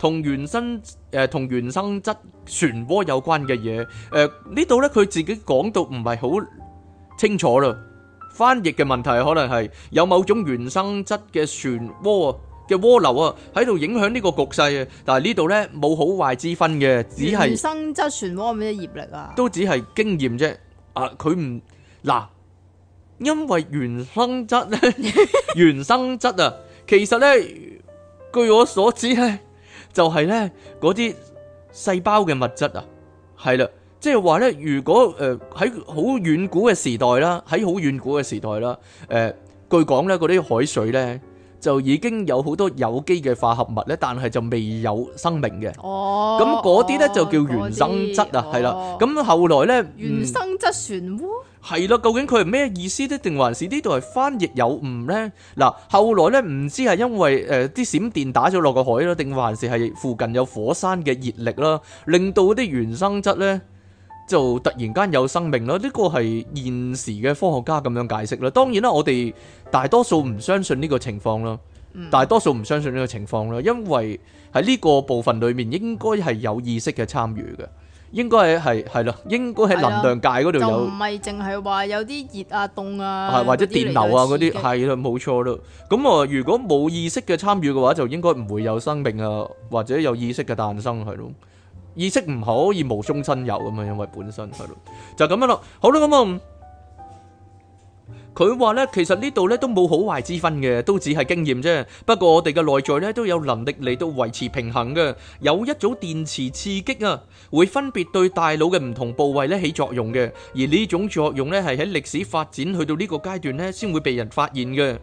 同原生，誒同原生質漩渦有關嘅嘢，誒呢度咧，佢自己講到唔係好清楚啦，翻譯嘅問題，可能係有某種原生質嘅漩渦嘅渦流啊喺度影響呢個局勢啊，但係呢度咧冇好壞之分嘅，只係原生質漩渦係咩嘢業力啊？都只係經驗啫啊！佢唔嗱，因為原生質咧，原生質啊，其實咧，據我所知咧。就係咧嗰啲細胞嘅物質啊，係啦，即係話咧，如果誒喺好遠古嘅時代啦，喺好遠古嘅時代啦，誒、呃、據講咧嗰啲海水咧。就已經有好多有機嘅化合物咧，但係就未有生命嘅。哦，咁嗰啲咧就叫原生質啊，係啦、哦。咁、哦、後來咧，原生質漩渦係啦。究竟佢係咩意思咧？定還是，是翻譯呢度係翻譯有誤咧？嗱，後來咧唔知係因為誒啲閃電打咗落個海咯，定還是係附近有火山嘅熱力啦，令到啲原生質咧。就突然間有生命啦，呢個係現時嘅科學家咁樣解釋啦。當然啦，我哋大多數唔相信呢個情況啦，嗯、大多數唔相信呢個情況啦，因為喺呢個部分裏面應該係有意識嘅參與嘅，應該係係係啦，應該係能量界嗰度有，唔係淨係話有啲熱啊凍啊，係、啊、或者電流啊嗰啲，係啦冇錯咯。咁啊，我如果冇意識嘅參與嘅話，就應該唔會有生命啊，或者有意識嘅誕生係咯。意識唔可以無中生有，咁啊，因為本身係咯，就咁樣咯。好啦，咁啊，佢話咧，其實呢度咧都冇好壞之分嘅，都只係經驗啫。不過我哋嘅內在咧都有能力嚟到維持平衡嘅。有一組電磁刺激啊，會分別對大腦嘅唔同部位咧起作用嘅。而呢種作用咧係喺歷史發展去到呢個階段咧先會被人發現嘅。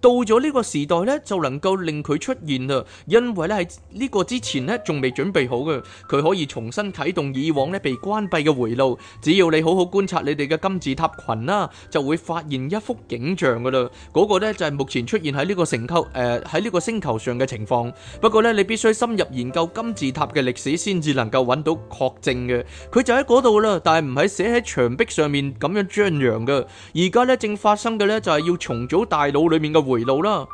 到咗呢個時代咧，就能夠令佢出現啦。因為咧喺呢個之前咧，仲未準備好嘅。佢可以重新啟動以往咧被關閉嘅回路。只要你好好觀察你哋嘅金字塔群啦、啊，就會發現一幅景象噶啦。嗰、那個咧，就係、是、目前出現喺呢個城溝誒喺呢個星球上嘅情況。不過咧，你必須深入研究金字塔嘅歷史先至能夠揾到確證嘅。佢就喺嗰度啦，但係唔係寫喺牆壁上面咁樣張揚嘅。而家咧，正發生嘅咧，就係、是、要重組大腦裏面嘅。回路啦，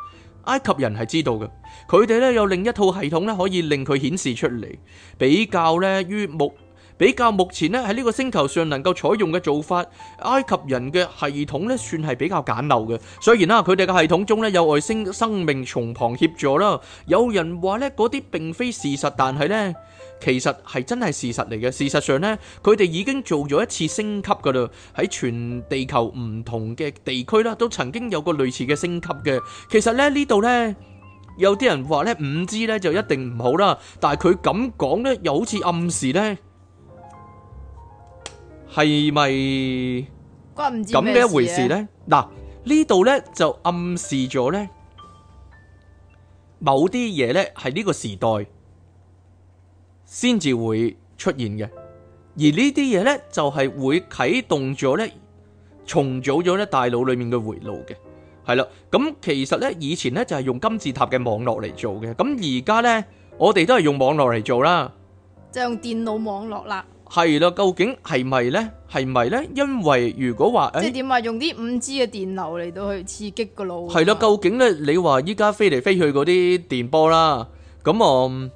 埃及人係知道嘅，佢哋咧有另一套系統咧可以令佢顯示出嚟。比較咧於目比較目前咧喺呢個星球上能夠採用嘅做法，埃及人嘅系統咧算係比較簡陋嘅。雖然啦，佢哋嘅系統中咧有外星生命從旁協助啦，有人話咧嗰啲並非事實，但係咧。其實係真係事實嚟嘅。事實上咧，佢哋已經做咗一次升級噶啦。喺全地球唔同嘅地區啦，都曾經有個類似嘅升級嘅。其實咧呢度咧，有啲人話咧五 G 咧就一定唔好啦。但係佢咁講咧，又好似暗示咧係咪咁嘅一回事咧？嗱，呢度咧就暗示咗咧某啲嘢咧係呢個時代。先至會出現嘅，而呢啲嘢咧就係會啟動咗咧，重組咗咧大腦裏面嘅回路嘅，係啦。咁其實咧以前咧就係用金字塔嘅網絡嚟做嘅，咁而家咧我哋都係用網絡嚟做啦，即係用電腦網絡啦。係啦，究竟係咪咧？係咪咧？因為如果話即係點話，用啲五 G 嘅電流嚟到去刺激個腦。係啦，究竟咧你話依家飛嚟飛去嗰啲電波啦，咁啊？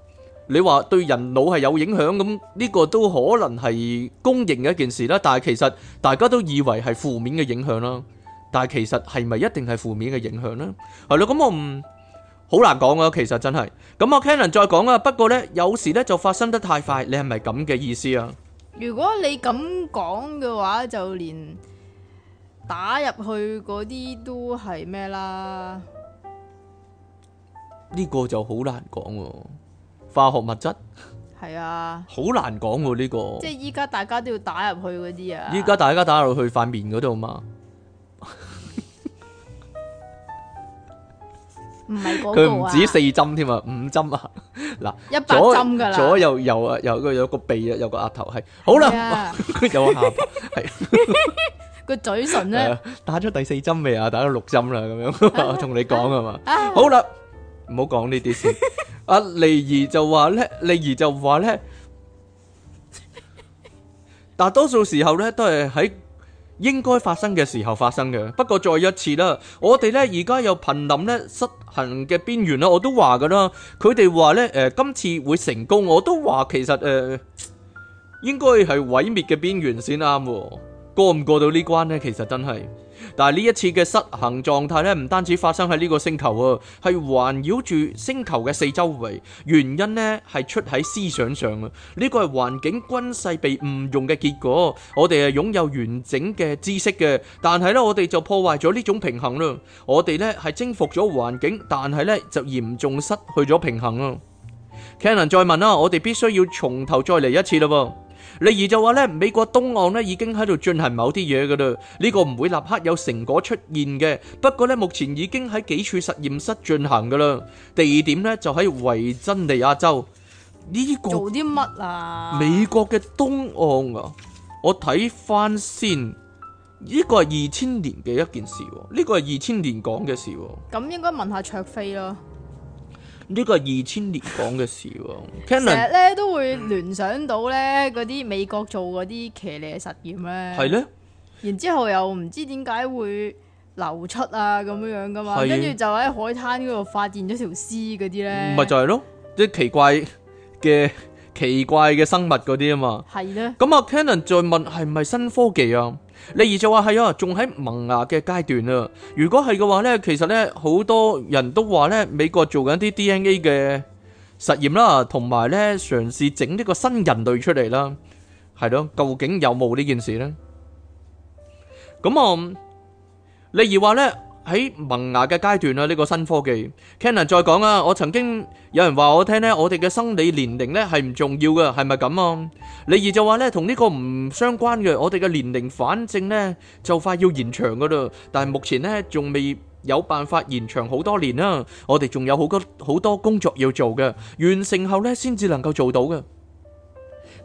你話對人腦係有影響咁，呢個都可能係公認嘅一件事啦。但係其實大家都以為係負面嘅影響啦。但係其實係咪一定係負面嘅影響呢？係咯，咁我唔好難講啊。其實真係，咁我 Canon 再講啊。不過呢，有時呢就發生得太快。你係咪咁嘅意思啊？如果你咁講嘅話，就連打入去嗰啲都係咩啦？呢個就好難講喎。化學物質係啊，好難講喎呢個。即係依家大家都要打入去嗰啲啊。依家大家打入去塊面嗰度嘛，唔係嗰度啊。佢唔止四針添啊，五針啊。嗱，一百針噶啦，左右右啊，右個有個鼻啊，有個額頭係。好啦，有個下巴係。個嘴唇咧，打咗第四針未啊？打咗六針啦，咁樣同你講啊嘛。好啦。唔好講呢啲事。阿麗兒就話咧，麗兒就話咧，大多數時候咧都係喺應該發生嘅時候發生嘅。不過再一次啦，我哋咧而家有瀕臨咧失衡嘅邊緣啦。我都話噶啦，佢哋話咧，誒、呃，今次會成功，我都話其實誒、呃，應該係毀滅嘅邊緣先啱。過唔過到呢關咧，其實真係。但係呢一次嘅失衡狀態咧，唔單止發生喺呢個星球啊，係環繞住星球嘅四周圍。原因呢係出喺思想上啊！呢個係環境軍勢被誤用嘅結果。我哋係擁有完整嘅知識嘅，但係咧我哋就破壞咗呢種平衡咯。我哋咧係征服咗環境，但係咧就嚴重失去咗平衡啊！Canon 再問啦，我哋必須要從頭再嚟一次喎。例如就話咧，美國東岸咧已經喺度進行某啲嘢噶啦，呢個唔會立刻有成果出現嘅。不過咧，目前已經喺幾處實驗室進行噶啦，地點咧就喺維珍尼亞州呢個。做啲乜啊？美國嘅東岸啊，我睇返先，呢個係二千年嘅一件事，呢個係二千年講嘅事。咁應該問下卓飛囉。呢個係二千年講嘅事喎，成日咧都會聯想到咧嗰啲美國做嗰啲騎呢嘅實驗咧，係咧呢，然之後又唔知點解會流出啊咁樣樣噶嘛，跟住是就喺海灘嗰度發現咗條屍嗰啲咧，咪、嗯、就係、是、咯，啲、就是、奇怪嘅 奇怪嘅生物嗰啲啊嘛，係咧呢，咁啊 Canon 再問係唔係新科技啊？例如就話係啊，仲喺萌芽嘅階段啊，如果係嘅話咧，其實咧好多人都話咧，美國做緊啲 DNA 嘅實驗啦，同埋咧嘗試整呢個新人類出嚟啦，係咯，究竟有冇呢件事咧？咁啊，例如話咧。喺萌芽嘅階段啦，呢個新科技。Kenan 再講啊，我曾經有人話我聽咧，我哋嘅生理年齡咧係唔重要嘅，係咪咁啊？李儀就話咧，同呢個唔相關嘅，我哋嘅年齡，反正咧就快要延長噶啦，但係目前咧仲未有辦法延長好多年啊，我哋仲有好多好多工作要做嘅，完成後咧先至能夠做到嘅。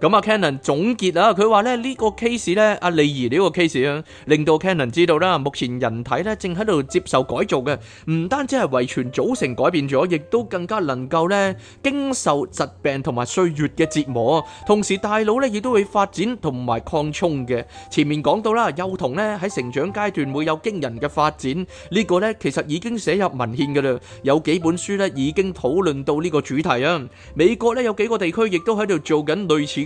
咁啊，Cannon 總結啦，佢話咧呢個 case 咧，阿利兒呢個 case 啊，令到 Cannon 知道啦，目前人體咧正喺度接受改造嘅，唔單止係遺傳組成改變咗，亦都更加能夠咧經受疾病同埋歲月嘅折磨。同時，大腦咧亦都會發展同埋擴充嘅。前面講到啦，幼童咧喺成長階段會有驚人嘅發展，呢個咧其實已經寫入文獻㗎啦。有幾本書咧已經討論到呢個主題啊。美國咧有幾個地區亦都喺度做緊類似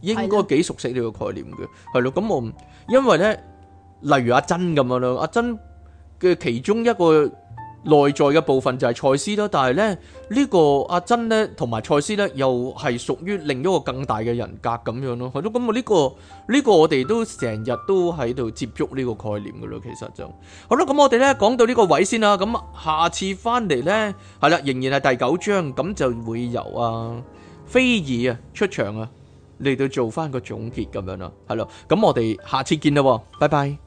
應該幾熟悉呢個概念嘅，係咯的？咁我因為咧，例如阿珍咁樣咯，阿珍嘅其中一個內在嘅部分就係賽斯啦。但係咧呢個阿珍咧，同埋賽斯咧，又係屬於另一個更大嘅人格咁樣咯。好啦，咁我呢個呢個我哋都成日都喺度接觸呢個概念噶咯。其實就好啦，咁我哋咧講到呢個位先啦。咁下次翻嚟咧，係啦，仍然係第九章，咁就會由啊，菲兒啊出場啊。嚟到做翻個總結咁樣咯，係咯，咁我哋下次見啦喎，拜拜。